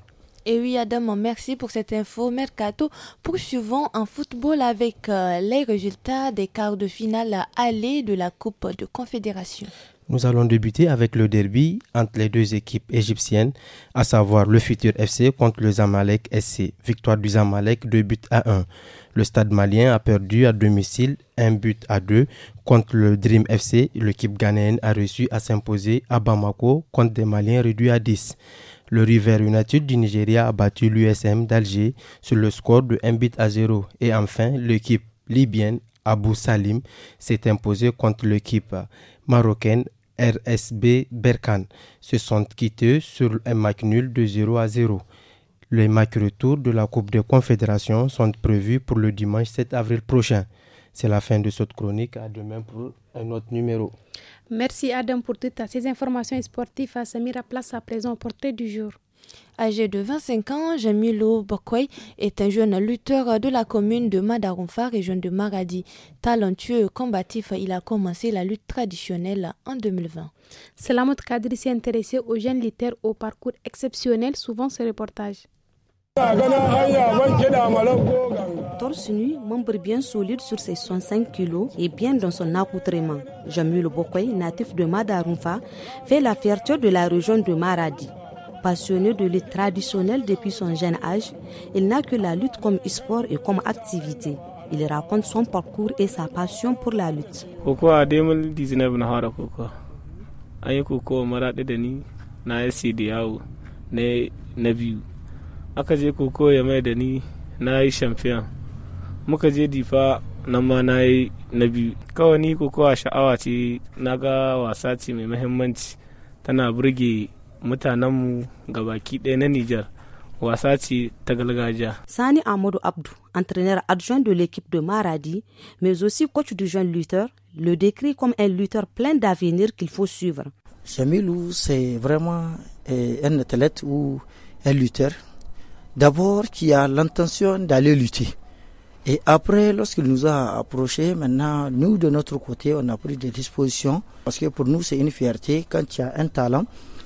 Et oui, Adam, merci pour cette info. Mercato, poursuivons en football avec euh, les résultats des quarts de finale aller de la Coupe de Confédération. Nous allons débuter avec le derby entre les deux équipes égyptiennes, à savoir le futur FC contre le Zamalek SC. Victoire du Zamalek deux buts à 1. Le stade malien a perdu à domicile un but à 2 contre le Dream FC. L'équipe ghanéenne a réussi à s'imposer à Bamako contre des Maliens réduits à 10. Le River United du Nigeria a battu l'USM d'Alger sur le score de 1 but à 0. Et enfin, l'équipe libyenne Abu Salim s'est imposée contre l'équipe marocaine RSB Berkane. Se sont quittés sur un match nul de 0 à 0. Les matchs retour de la Coupe des Confédérations sont prévus pour le dimanche 7 avril prochain. C'est la fin de cette chronique. À demain pour un autre numéro. Merci Adam pour toutes ces informations sportives. À Samira place à présent au portrait du jour. Âgé de 25 ans, Jamilo Bokwei est un jeune lutteur de la commune de Madarumfa, région de Maradi. Talentueux et combatif, il a commencé la lutte traditionnelle en 2020. Selamot Kadri s'est intéressé aux jeunes lutteurs au parcours exceptionnel, souvent ce reportage torse nu, membre bien solide sur ses 65 kilos et bien dans son accoutrement. Jamul Bokoy, natif de Madarumfa, fait la fierté de la région de Maradi. Passionné de lutte traditionnelle depuis son jeune âge, il n'a que la lutte comme sport et comme activité. Il raconte son parcours et sa passion pour la lutte. Pourquoi 2019 na koko Maradi na yawo na champion muka je difa nan ma na yi na biyu kawai ni kokowa sha'awa ce na ga mai mahimmanci tana burge mutanenmu baki ɗaya na nijar wasa ce ta galgajiya. Sani Amadou Abdu, entraîneur adjoint de l'équipe de Maradi, mais aussi coach du jeune lutteur, le décrit comme un lutteur plein d'avenir qu'il faut suivre. Jamilou, c'est vraiment eh, un athlète ou un lutteur. D'abord, qui a l'intention d'aller lutter et après, lorsqu'il nous a approchés, maintenant, nous, de notre côté, on a pris des dispositions, parce que pour nous, c'est une fierté. Quand tu as un talent,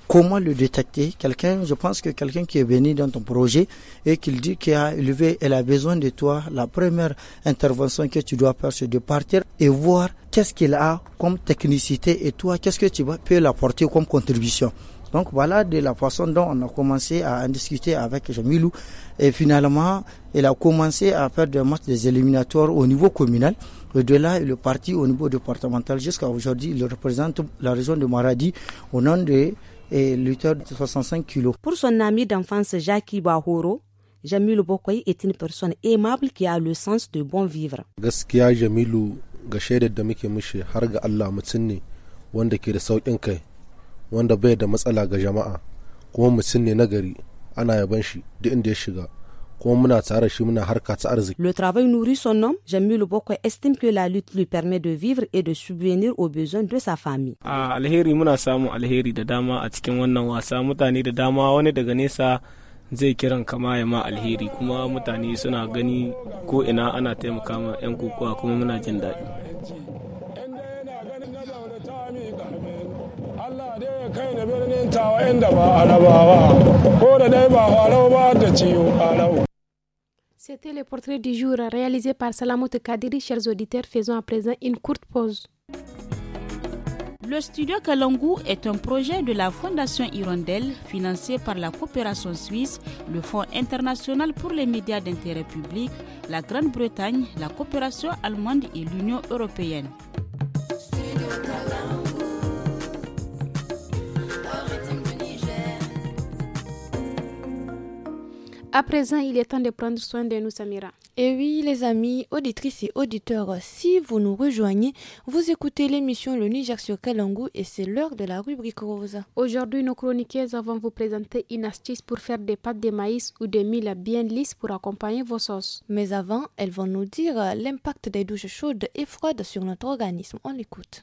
comment le détecter Quelqu'un, je pense que quelqu'un qui est venu dans ton projet et qui dit qu'il a élevé, elle a besoin de toi, la première intervention que tu dois faire, c'est de partir et voir qu'est-ce qu'il a comme technicité et toi, qu'est-ce que tu peux l'apporter comme contribution. Donc voilà de la façon dont on a commencé à en discuter avec Jamilou. Et finalement, il a commencé à faire des matchs des éliminatoires au niveau communal. Au-delà là, il est parti au niveau départemental. Jusqu'à aujourd'hui, il représente la région de Maradi au nom de et lutteur de 65 kilos. Pour son ami d'enfance Jackie Bahoro, Jamilou Bokoy est une personne aimable qui a le sens de bon vivre. da muke mishi har ga Allah wanda bai da matsala ga jama'a kuma mutum ne nagari ana yaban shi duk inda ya shiga kuma muna shi ta arziki. Le travail nourrit son homme. le Boko estime que la lutte lui permet de vivre et de subvenir aux besoins de sa famille. A alheri muna samun alheri da dama a cikin wannan wasa mutane da dama wani daga nesa zai kiran kama ya ma alheri kuma mutane suna gani ko ina ana taimaka ma 'yan kokowa kuma muna jin daɗi. C'était le portrait du jour réalisé par Salamout Kadiri. Chers auditeurs, faisons à présent une courte pause. Le studio Kalangu est un projet de la Fondation Hirondelle financé par la coopération suisse, le Fonds international pour les médias d'intérêt public, la Grande-Bretagne, la coopération allemande et l'Union européenne. À présent, il est temps de prendre soin de nous, Samira. Eh oui, les amis, auditrices et auditeurs, si vous nous rejoignez, vous écoutez l'émission Le Niger sur Kalangou et c'est l'heure de la rubrique rose. Aujourd'hui, nos chroniqueuses vont vous présenter une astuce pour faire des pâtes de maïs ou de mille bien lisses pour accompagner vos sauces. Mais avant, elles vont nous dire l'impact des douches chaudes et froides sur notre organisme. On l'écoute.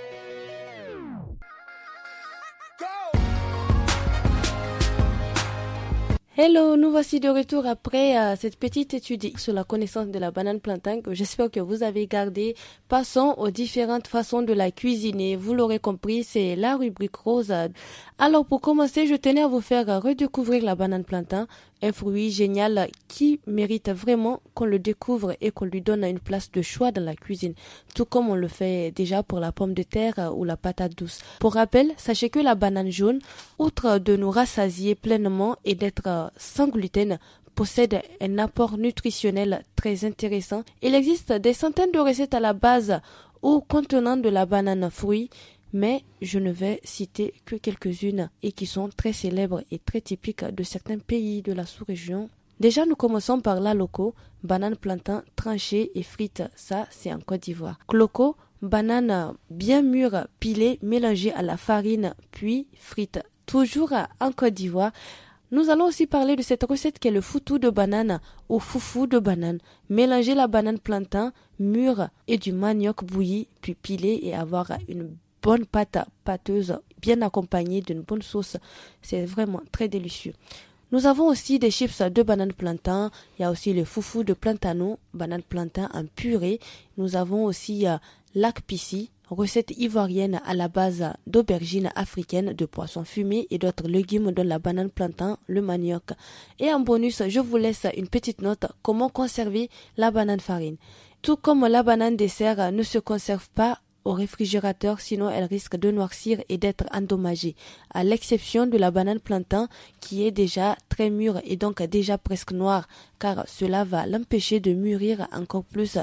Hello, nous voici de retour après euh, cette petite étude sur la connaissance de la banane plantain que j'espère que vous avez gardé. Passons aux différentes façons de la cuisiner. Vous l'aurez compris, c'est la rubrique rosade alors pour commencer, je tenais à vous faire redécouvrir la banane plantain, un fruit génial qui mérite vraiment qu'on le découvre et qu'on lui donne une place de choix dans la cuisine, tout comme on le fait déjà pour la pomme de terre ou la patate douce. Pour rappel, sachez que la banane jaune, outre de nous rassasier pleinement et d'être sans gluten, possède un apport nutritionnel très intéressant. Il existe des centaines de recettes à la base ou contenant de la banane fruit mais je ne vais citer que quelques-unes et qui sont très célèbres et très typiques de certains pays de la sous-région. Déjà, nous commençons par la loco, banane plantain tranchée et frite. ça c'est en Côte d'Ivoire. Cloco, banane bien mûre, pilée, mélangée à la farine, puis frite, toujours en Côte d'Ivoire. Nous allons aussi parler de cette recette qui est le foutou de banane ou foufou de banane. Mélanger la banane plantain mûre et du manioc bouilli, puis pilé et avoir une bonne pâte pâteuse bien accompagnée d'une bonne sauce. C'est vraiment très délicieux. Nous avons aussi des chips de banane plantain. Il y a aussi le foufou de plantano, banane plantain en purée. Nous avons aussi euh, l'acpici. recette ivoirienne à la base d'aubergines africaines, de poissons fumés et d'autres légumes dont la banane plantain, le manioc. Et en bonus, je vous laisse une petite note comment conserver la banane farine. Tout comme la banane dessert ne se conserve pas au réfrigérateur, sinon elle risque de noircir et d'être endommagée, à l'exception de la banane plantain qui est déjà très mûre et donc déjà presque noire, car cela va l'empêcher de mûrir encore plus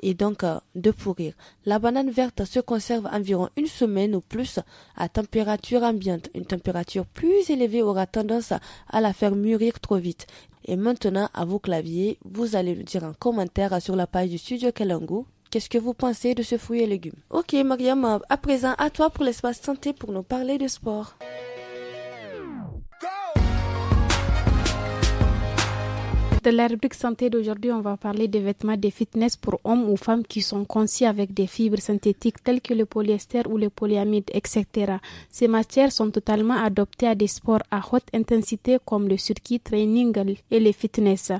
et donc euh, de pourrir. La banane verte se conserve environ une semaine ou plus à température ambiante. Une température plus élevée aura tendance à la faire mûrir trop vite. Et maintenant, à vos claviers, vous allez dire un commentaire sur la page du studio Kalango Qu'est-ce que vous pensez de ce fruit et légumes Ok, Mariam, à présent à toi pour l'espace santé pour nous parler de sport. de la rubrique santé d'aujourd'hui, on va parler des vêtements de fitness pour hommes ou femmes qui sont conçus avec des fibres synthétiques telles que le polyester ou le polyamide, etc. Ces matières sont totalement adoptées à des sports à haute intensité comme le circuit training et les fitness,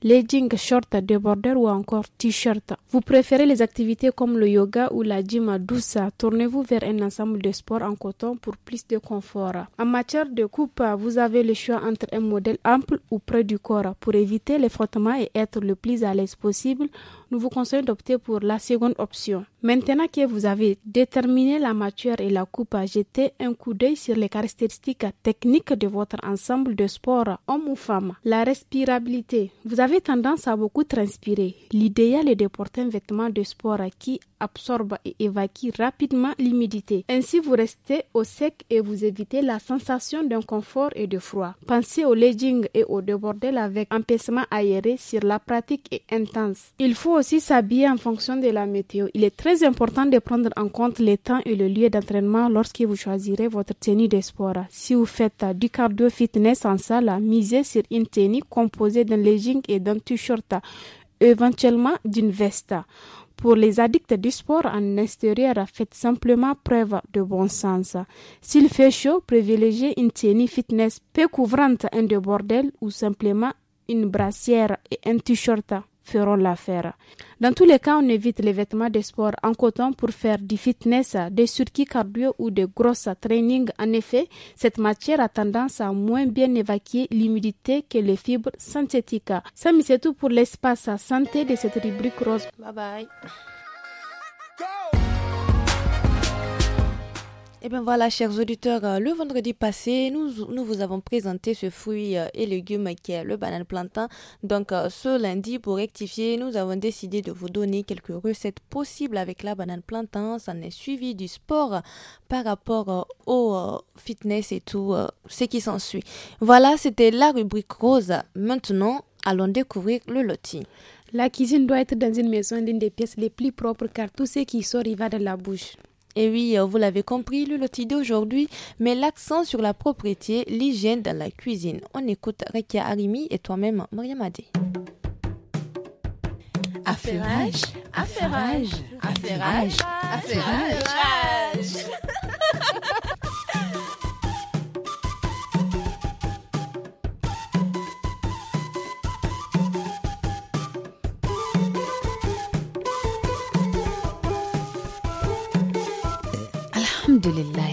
leggings, shorts, border ou encore t-shirts. Vous préférez les activités comme le yoga ou la gym douce, tournez-vous vers un ensemble de sports en coton pour plus de confort. En matière de coupe, vous avez le choix entre un modèle ample ou près du corps pour éviter les frottements et être le plus à l'aise possible, nous vous conseillons d'opter pour la seconde option. Maintenant que vous avez déterminé la matière et la coupe, jetez un coup d'œil sur les caractéristiques techniques de votre ensemble de sport, homme ou femme. La respirabilité. Vous avez tendance à beaucoup transpirer. L'idéal est de porter un vêtement de sport qui absorbe et évacue rapidement l'humidité. Ainsi, vous restez au sec et vous évitez la sensation d'inconfort et de froid. Pensez au legging et au débordel avec empêchement aéré sur la pratique est intense. Il faut aussi s'habiller en fonction de la météo. Il est très important de prendre en compte les temps et le lieu d'entraînement lorsque vous choisirez votre tenue de sport. Si vous faites du cardio fitness en salle, misez sur une tenue composée d'un legging et d'un t-shirt, éventuellement d'une veste. Pour les addicts du sport en extérieur, faites simplement preuve de bon sens. S'il fait chaud, privilégiez une tenue fitness peu couvrante un de bordel ou simplement une brassière et un t-shirt feront l'affaire. Dans tous les cas, on évite les vêtements de sport en coton pour faire du fitness, des circuits cardio ou de grosses trainings. En effet, cette matière a tendance à moins bien évacuer l'humidité que les fibres synthétiques. Ça, c'est tout pour l'espace santé de cette rubrique rose. Bye Et eh bien voilà, chers auditeurs, euh, le vendredi passé, nous, vous avons présenté ce fruit euh, et légume qui est le banane plantain. Donc euh, ce lundi, pour rectifier, nous avons décidé de vous donner quelques recettes possibles avec la banane plantain. Ça est suivi du sport par rapport au fitness et tout ce qui s'ensuit. Voilà, c'était la rubrique rose. Maintenant, allons découvrir le loti. La cuisine doit être dans une maison, l'une des pièces les plus propres car tout ce qui sort il va de la bouche. Et eh oui, euh, vous l'avez compris, le loti d'aujourd'hui met l'accent sur la propriété, l'hygiène dans la cuisine. On écoute Rekia Arimi et toi-même, Mariamade. Affairage, affairage, affairage, affairage. Alhamdulillah,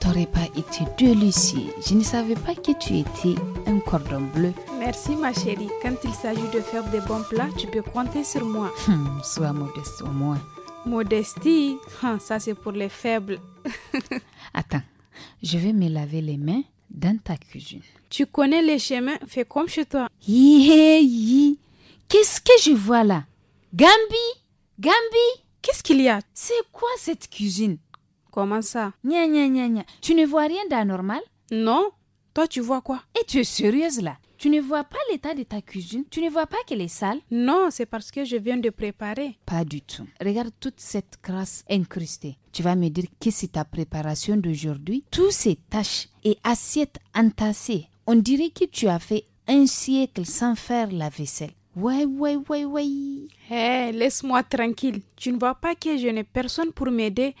t'aurais pas été lucie Je ne savais pas que tu étais un cordon bleu. Merci ma chérie. Quand il s'agit de faire des bons plats, tu peux compter sur moi. Hmm, sois modeste au moins. Modestie, hein, ça c'est pour les faibles. Attends, je vais me laver les mains dans ta cuisine. Tu connais les chemins, fais comme chez toi. Qu'est-ce que je vois là Gambi Gambi Qu'est-ce qu'il y a C'est quoi cette cuisine Comment ça Nya, nya, Tu ne vois rien d'anormal Non. Toi, tu vois quoi Et tu es sérieuse là tu ne vois pas l'état de ta cuisine Tu ne vois pas qu'elle est sale Non, c'est parce que je viens de préparer. Pas du tout. Regarde toute cette crasse incrustée. Tu vas me dire que c'est ta préparation d'aujourd'hui. Toutes ces taches et assiettes entassées. On dirait que tu as fait un siècle sans faire la vaisselle. Ouais, ouais, ouais, ouais. Hé, laisse-moi tranquille. Tu ne vois pas que je n'ai personne pour m'aider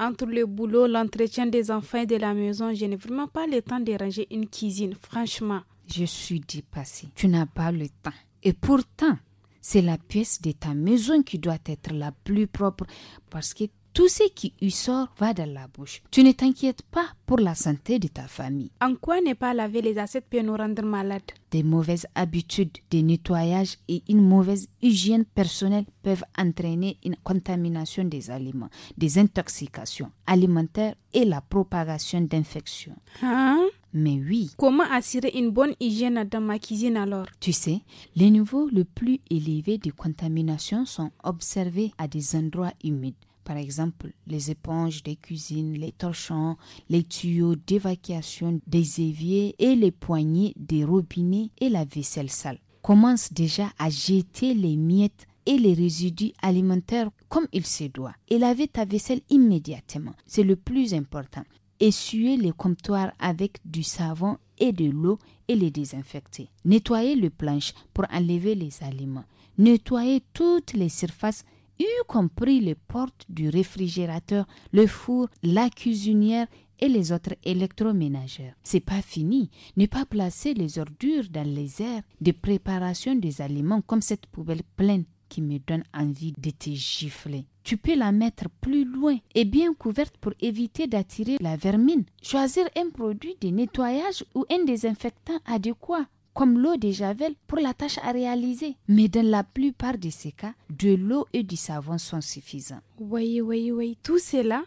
entre le boulot, l'entretien des enfants et de la maison, je n'ai vraiment pas le temps de ranger une cuisine, franchement. Je suis dépassée. Tu n'as pas le temps. Et pourtant, c'est la pièce de ta maison qui doit être la plus propre parce que tout ce qui y sort va dans la bouche. Tu ne t'inquiètes pas pour la santé de ta famille. En quoi ne pas laver les assiettes peut nous rendre malades Des mauvaises habitudes de nettoyage et une mauvaise hygiène personnelle peuvent entraîner une contamination des aliments, des intoxications alimentaires et la propagation d'infections. Hein? Mais oui. Comment assurer une bonne hygiène dans ma cuisine alors Tu sais, les niveaux les plus élevés de contamination sont observés à des endroits humides, par exemple, les éponges des cuisines, les torchons, les tuyaux d'évacuation des éviers et les poignées des robinets et la vaisselle sale. Commence déjà à jeter les miettes et les résidus alimentaires comme il se doit et lavez ta vaisselle immédiatement. C'est le plus important. Essuyez les comptoirs avec du savon et de l'eau et les désinfecter. Nettoyez le planche pour enlever les aliments. Nettoyez toutes les surfaces y compris les portes du réfrigérateur, le four, la cuisinière et les autres électroménagers. C'est pas fini. Ne pas placer les ordures dans les airs de préparation des aliments comme cette poubelle pleine qui me donne envie de te gifler. Tu peux la mettre plus loin et bien couverte pour éviter d'attirer la vermine. Choisir un produit de nettoyage ou un désinfectant adéquat comme l'eau de Javel pour la tâche à réaliser. Mais dans la plupart de ces cas, de l'eau et du savon sont suffisants. Oui, oui, oui, tout cela.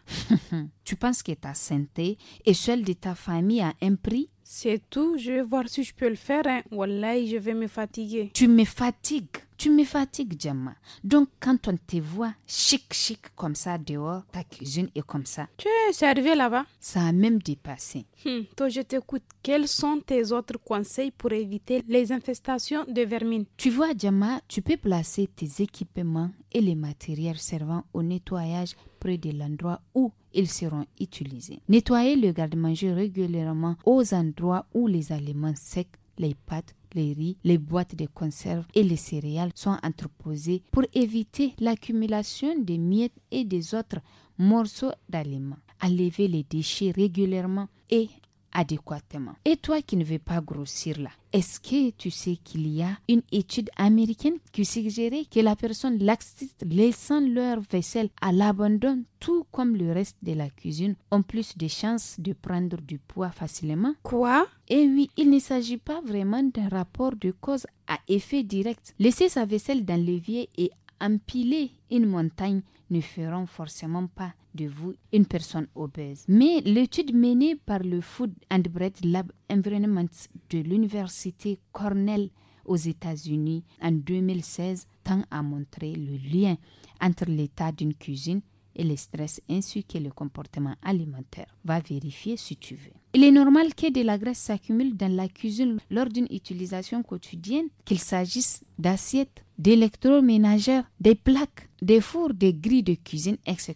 tu penses que ta santé et celle de ta famille a un prix c'est tout, je vais voir si je peux le faire. Hein. Wallahi, je vais me fatiguer. Tu me fatigues. Tu me fatigues, Djamma. Donc, quand on te voit chic, chic, comme ça, dehors, ta cuisine est comme ça. Tu es arrivé là-bas Ça a même dépassé. Hmm. toi, je t'écoute. Quels sont tes autres conseils pour éviter les infestations de vermine Tu vois, Djamma, tu peux placer tes équipements et les matériels servant au nettoyage près de l'endroit où ils seront utilisés. Nettoyez le garde-manger régulièrement aux endroits où les aliments secs, les pâtes, les riz, les boîtes de conserve et les céréales sont entreposés pour éviter l'accumulation des miettes et des autres morceaux d'aliments. Enlevez les déchets régulièrement et adéquatement. Et toi qui ne veux pas grossir là, est-ce que tu sais qu'il y a une étude américaine qui suggérait que la personne laxiste laissant leur vaisselle à l'abandon, tout comme le reste de la cuisine, ont plus de chances de prendre du poids facilement Quoi Eh oui, il ne s'agit pas vraiment d'un rapport de cause à effet direct. Laisser sa vaisselle dans l'évier et empiler une montagne ne feront forcément pas de vous une personne obèse. Mais l'étude menée par le Food and Bread Lab Environment de l'université Cornell aux États-Unis en 2016 tend à montrer le lien entre l'état d'une cuisine et le stress ainsi que le comportement alimentaire. Va vérifier si tu veux. Il est normal que de la graisse s'accumule dans la cuisine lors d'une utilisation quotidienne, qu'il s'agisse d'assiettes, d'électroménagères, des plaques, des fours, des grilles de cuisine, etc.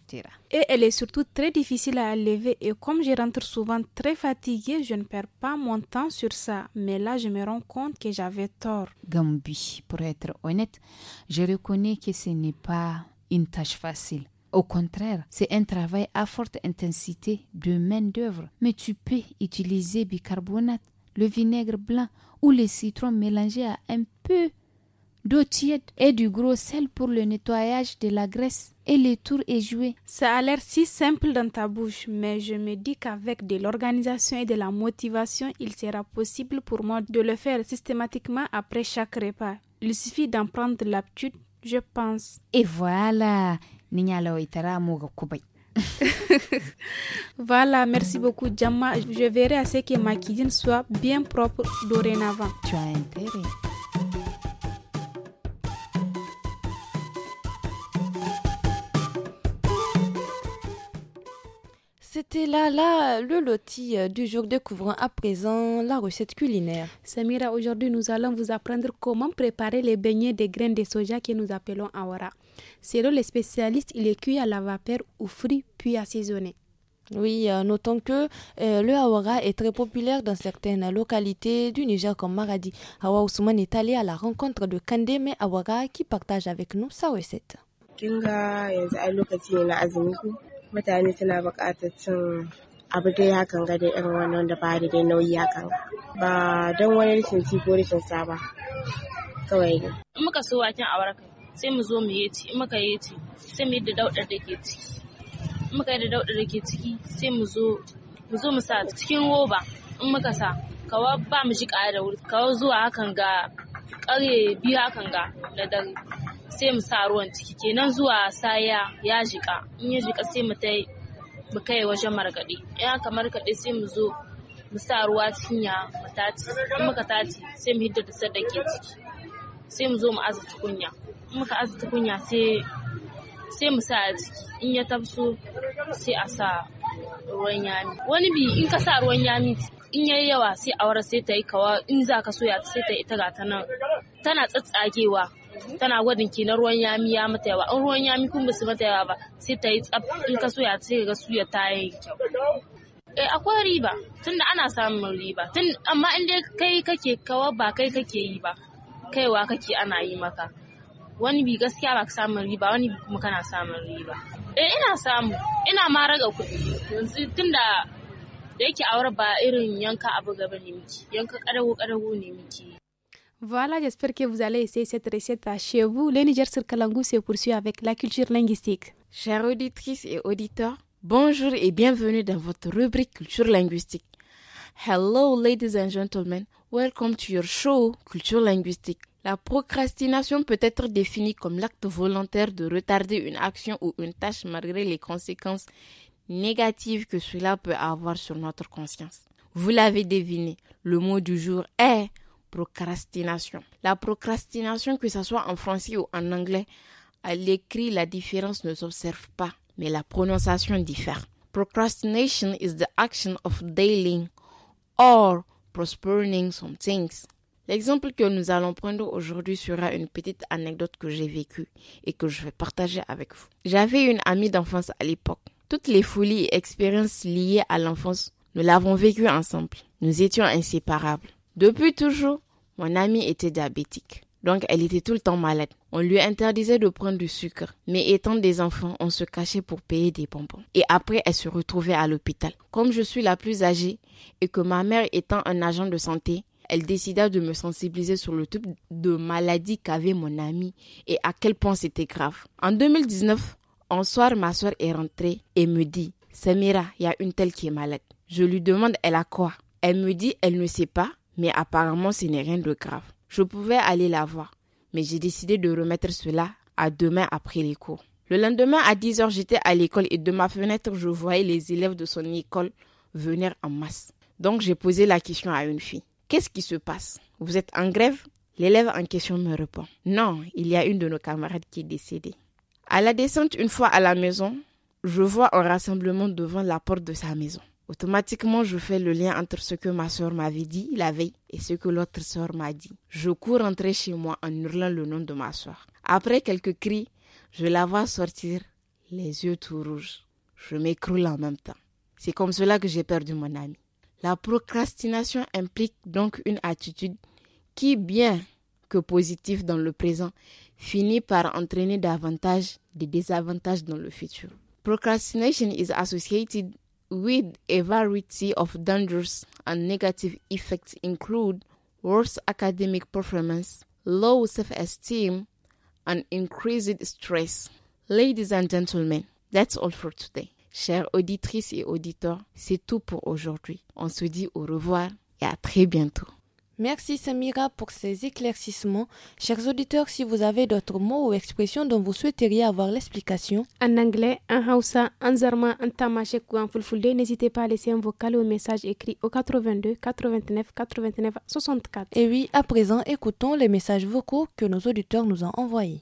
Et elle est surtout très difficile à enlever et comme je rentre souvent très fatiguée, je ne perds pas mon temps sur ça. Mais là, je me rends compte que j'avais tort. Gambi, pour être honnête, je reconnais que ce n'est pas une tâche facile au contraire, c'est un travail à forte intensité de main-d'œuvre. Mais tu peux utiliser bicarbonate, le vinaigre blanc ou les citrons mélangés à un peu d'eau tiède et du gros sel pour le nettoyage de la graisse. Et le tour est joué. Ça a l'air si simple dans ta bouche, mais je me dis qu'avec de l'organisation et de la motivation, il sera possible pour moi de le faire systématiquement après chaque repas. Il suffit d'en prendre l'habitude, je pense. Et voilà, voilà, merci beaucoup, Djamma. Je verrai à ce que ma cuisine soit bien propre dorénavant. Tu as intérêt. C'était là, là, le loti euh, du jour. Découvrons à présent la recette culinaire. Samira, aujourd'hui, nous allons vous apprendre comment préparer les beignets des graines de soja que nous appelons awara là le spécialiste, il est cuit à la vapeur ou frit puis assaisonné. Oui, euh, notons que euh, le awara est très populaire dans certaines localités du Niger comme Maradi. Hawa Ousmane est allé à la rencontre de Kandeme Hawara qui partage avec nous sa recette. mutane suna buƙatar cin abu dai hakan ga dai irin wani wanda ba da dai nauyi hakan ba don wani rashin ci ko rashin saba kawai ne. so awara sai mu zo mu yi ci in muka yi ci sai mu yi da daudar da ke ciki in muka yi da daudar da ke ciki sai mu zo mu zo mu sa cikin roba in muka sa kawa ba mu ji da wuri kawa zuwa hakan ga ƙarye biyu hakan ga na dare sai mu sa ruwan ciki kenan zuwa saya ya jika in ya jika sai mu tai mu kai wajen markaɗe ya aka markaɗe sai mu zo mu sa ruwa cikin ya mu tace in muka tace sai mu hidda da sadda ke ciki sai mu zo mu aza tukunya in muka aza tukunya sai sai mu sa a jiki in ya tafso sai a sa ruwan yami wani bi in ka sa ruwan yami in yayi yawa sai wara sai ta yi kawa in za ka soya sai ta ita ga ta nan tana tsatsagewa tana gwadin ke na ruwan yami ya mata yawa in ruwan yami kun basu mata yawa ba sai ta yi tsaf in ka soya sai ga suya ta yi kyau eh akwai riba tunda ana samun riba tun amma in dai kai kake kawa ba kai kake yi ba kaiwa kake ana yi maka wani bi gaskiya ba riba wani kuma kana riba eh ina samu ina ma raga yanzu tunda yake ba irin yanka abu gaba ne miki yanka ne miki Voilà, j'espère que vous allez essayer cette recette à chez vous. Le Niger sur se poursuit avec la culture linguistique. Chères auditrices et auditeurs, bonjour et bienvenue dans votre rubrique culture linguistique. Hello, ladies and gentlemen. Welcome to your show, culture linguistique. La procrastination peut être définie comme l'acte volontaire de retarder une action ou une tâche malgré les conséquences négatives que cela peut avoir sur notre conscience. Vous l'avez deviné, le mot du jour est procrastination. La procrastination, que ce soit en français ou en anglais, à l'écrit, la différence ne s'observe pas, mais la prononciation diffère. Procrastination is the action of delaying or some things. L'exemple que nous allons prendre aujourd'hui sera une petite anecdote que j'ai vécue et que je vais partager avec vous. J'avais une amie d'enfance à l'époque. Toutes les folies et expériences liées à l'enfance, nous l'avons vécue ensemble. Nous étions inséparables. Depuis toujours, mon amie était diabétique donc elle était tout le temps malade. On lui interdisait de prendre du sucre, mais étant des enfants, on se cachait pour payer des bonbons. Et après, elle se retrouvait à l'hôpital. Comme je suis la plus âgée et que ma mère étant un agent de santé, elle décida de me sensibiliser sur le type de maladie qu'avait mon amie et à quel point c'était grave. En 2019, un soir, ma soeur est rentrée et me dit Samira, il y a une telle qui est malade. Je lui demande elle a quoi Elle me dit elle ne sait pas, mais apparemment ce n'est rien de grave. Je pouvais aller la voir, mais j'ai décidé de remettre cela à demain après les cours. Le lendemain à 10h, j'étais à l'école et de ma fenêtre, je voyais les élèves de son école venir en masse. Donc j'ai posé la question à une fille. Qu'est-ce qui se passe Vous êtes en grève L'élève en question me répond. Non, il y a une de nos camarades qui est décédée. À la descente, une fois à la maison, je vois un rassemblement devant la porte de sa maison. Automatiquement, je fais le lien entre ce que ma soeur m'avait dit la veille et ce que l'autre soeur m'a dit. Je cours rentrer chez moi en hurlant le nom de ma soeur. Après quelques cris, je la vois sortir, les yeux tout rouges. Je m'écroule en même temps. C'est comme cela que j'ai perdu mon ami. La procrastination implique donc une attitude qui, bien que positive dans le présent, finit par entraîner davantage des désavantages dans le futur. Procrastination is associated with a variety of dangerous and negative effects include worse academic performance, low self-esteem, and increased stress. Ladies and gentlemen, that's all for today. Chères auditrices et auditeurs, c'est tout pour aujourd'hui. On se dit au revoir et à très bientôt. Merci Samira pour ces éclaircissements. Chers auditeurs, si vous avez d'autres mots ou expressions dont vous souhaiteriez avoir l'explication, en anglais, en hausa, en zarma, en tamashek ou en fulfulde, n'hésitez pas à laisser un vocal ou un message écrit au 82 89 89 64. Et oui, à présent, écoutons les messages vocaux que nos auditeurs nous ont envoyés.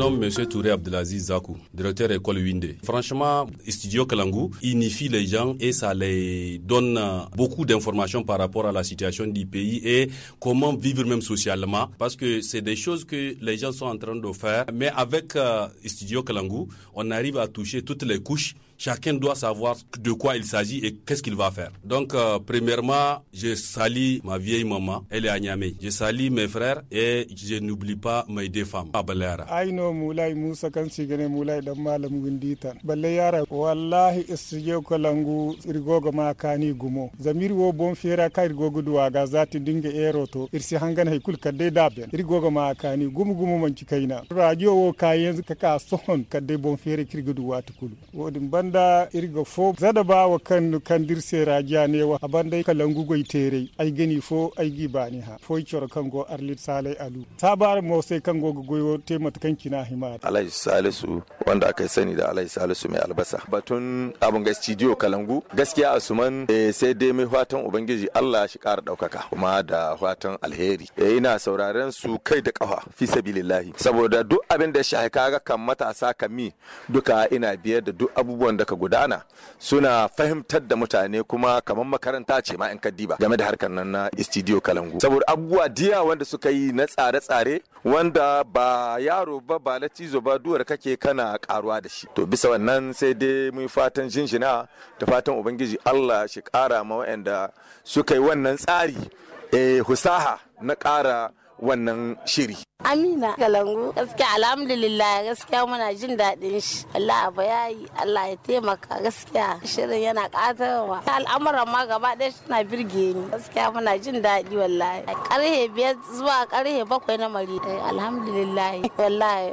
nomme M. Touré Abdelaziz Zakou, directeur école Winde. Franchement, Studio Kalangu unifie les gens et ça les donne beaucoup d'informations par rapport à la situation du pays et comment vivre même socialement parce que c'est des choses que les gens sont en train de faire. Mais avec euh, Studio Kalangu, on arrive à toucher toutes les couches chacun doit savoir de quoi il s'agit et qu'est-ce qu'il va faire. Donc, euh, premièrement, je salue ma vieille maman, elle est à Niamey. Je salue mes frères et je n'oublie pas mes deux femmes à Balera. Aïno Moulay Moussa Kansigene Moulay Damal Mouinditan. Balayara, Wallahi Estriyo Kolangu, Rigogo Makani Gumo. Zamir wo bon fiera ka Rigogo Douaga, Zati Dinge Eroto, Irsi Hangan Hekul Kade Dabian, Rigogo Makani, Gumu Gumu Manchikaina. Radio wo Kayenz Kaka Sohon, Kade bon fiera Kirgudu Watukulu. Wodim Ban banda irga fo zada ba wa kan kan dirse ragiya ne wa abanda ka langu goy tere ai gani fo ai gi bani ha fo chor kango arlit salai alu sabar mo sai kango goyo te matkan kina hima alai salisu wanda aka sani da alai salisu mai albasa batun abun ga studio kalangu gaskiya asuman eh, sai dai mai fatan ubangiji Allah shi kara daukaka kuma da fatan alheri eh, ina sauraren su kai da kafa fi sabilillahi saboda duk abin da shi kaga kan matasa kan mi duka ina biyar da duk abubuwan da ka gudana suna fahimtar da mutane kuma kamar makaranta ce ma 'yan kaddiba game da harkar nan na studio kalangu saboda abubuwa diya wanda suka yi na tsare-tsare wanda ba yaro ba ba latizo ba duwar kake kana karuwa da shi to bisa wannan sai dai mun fatan jinjina da fatan ubangiji allah shi kara ma wayanda suka yi wannan tsari eh, husaha na kara. wannan shiri. Amina Galangu gaskiya alhamdulillah gaskiya muna jin daɗin shi Allah ba ya yi Allah ya taimaka gaskiya shirin yana ƙatarwa al'amuran ma gaba ɗaya suna birge ni gaskiya muna jin daɗi wallahi Karhe biyar zuwa karhe bakwai na mari eh, alhamdulillah wallahi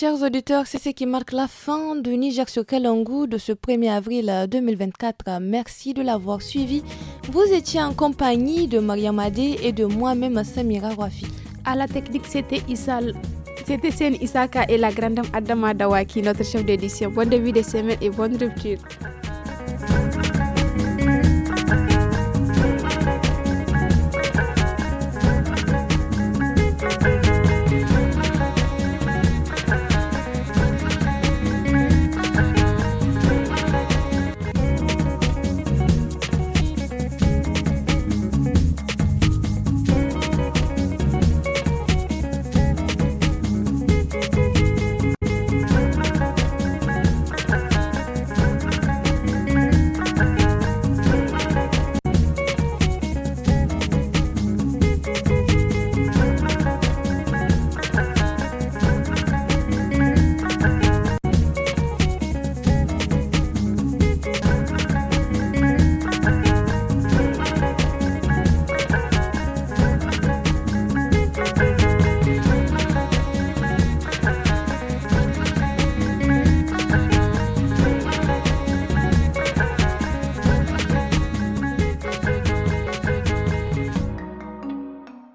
Chers auditeurs, c'est ce qui marque la fin de Niger sur Kalangou de ce 1er avril 2024. Euh, Merci de l'avoir suivi. Vous étiez en compagnie de Mariam Adé et de moi-même Samira Rafi. À la technique, c'était Issa, C'était Sen Isaka et la grande dame Adama Dawaki, notre chef d'édition. Bon début de semaine et bonne rupture.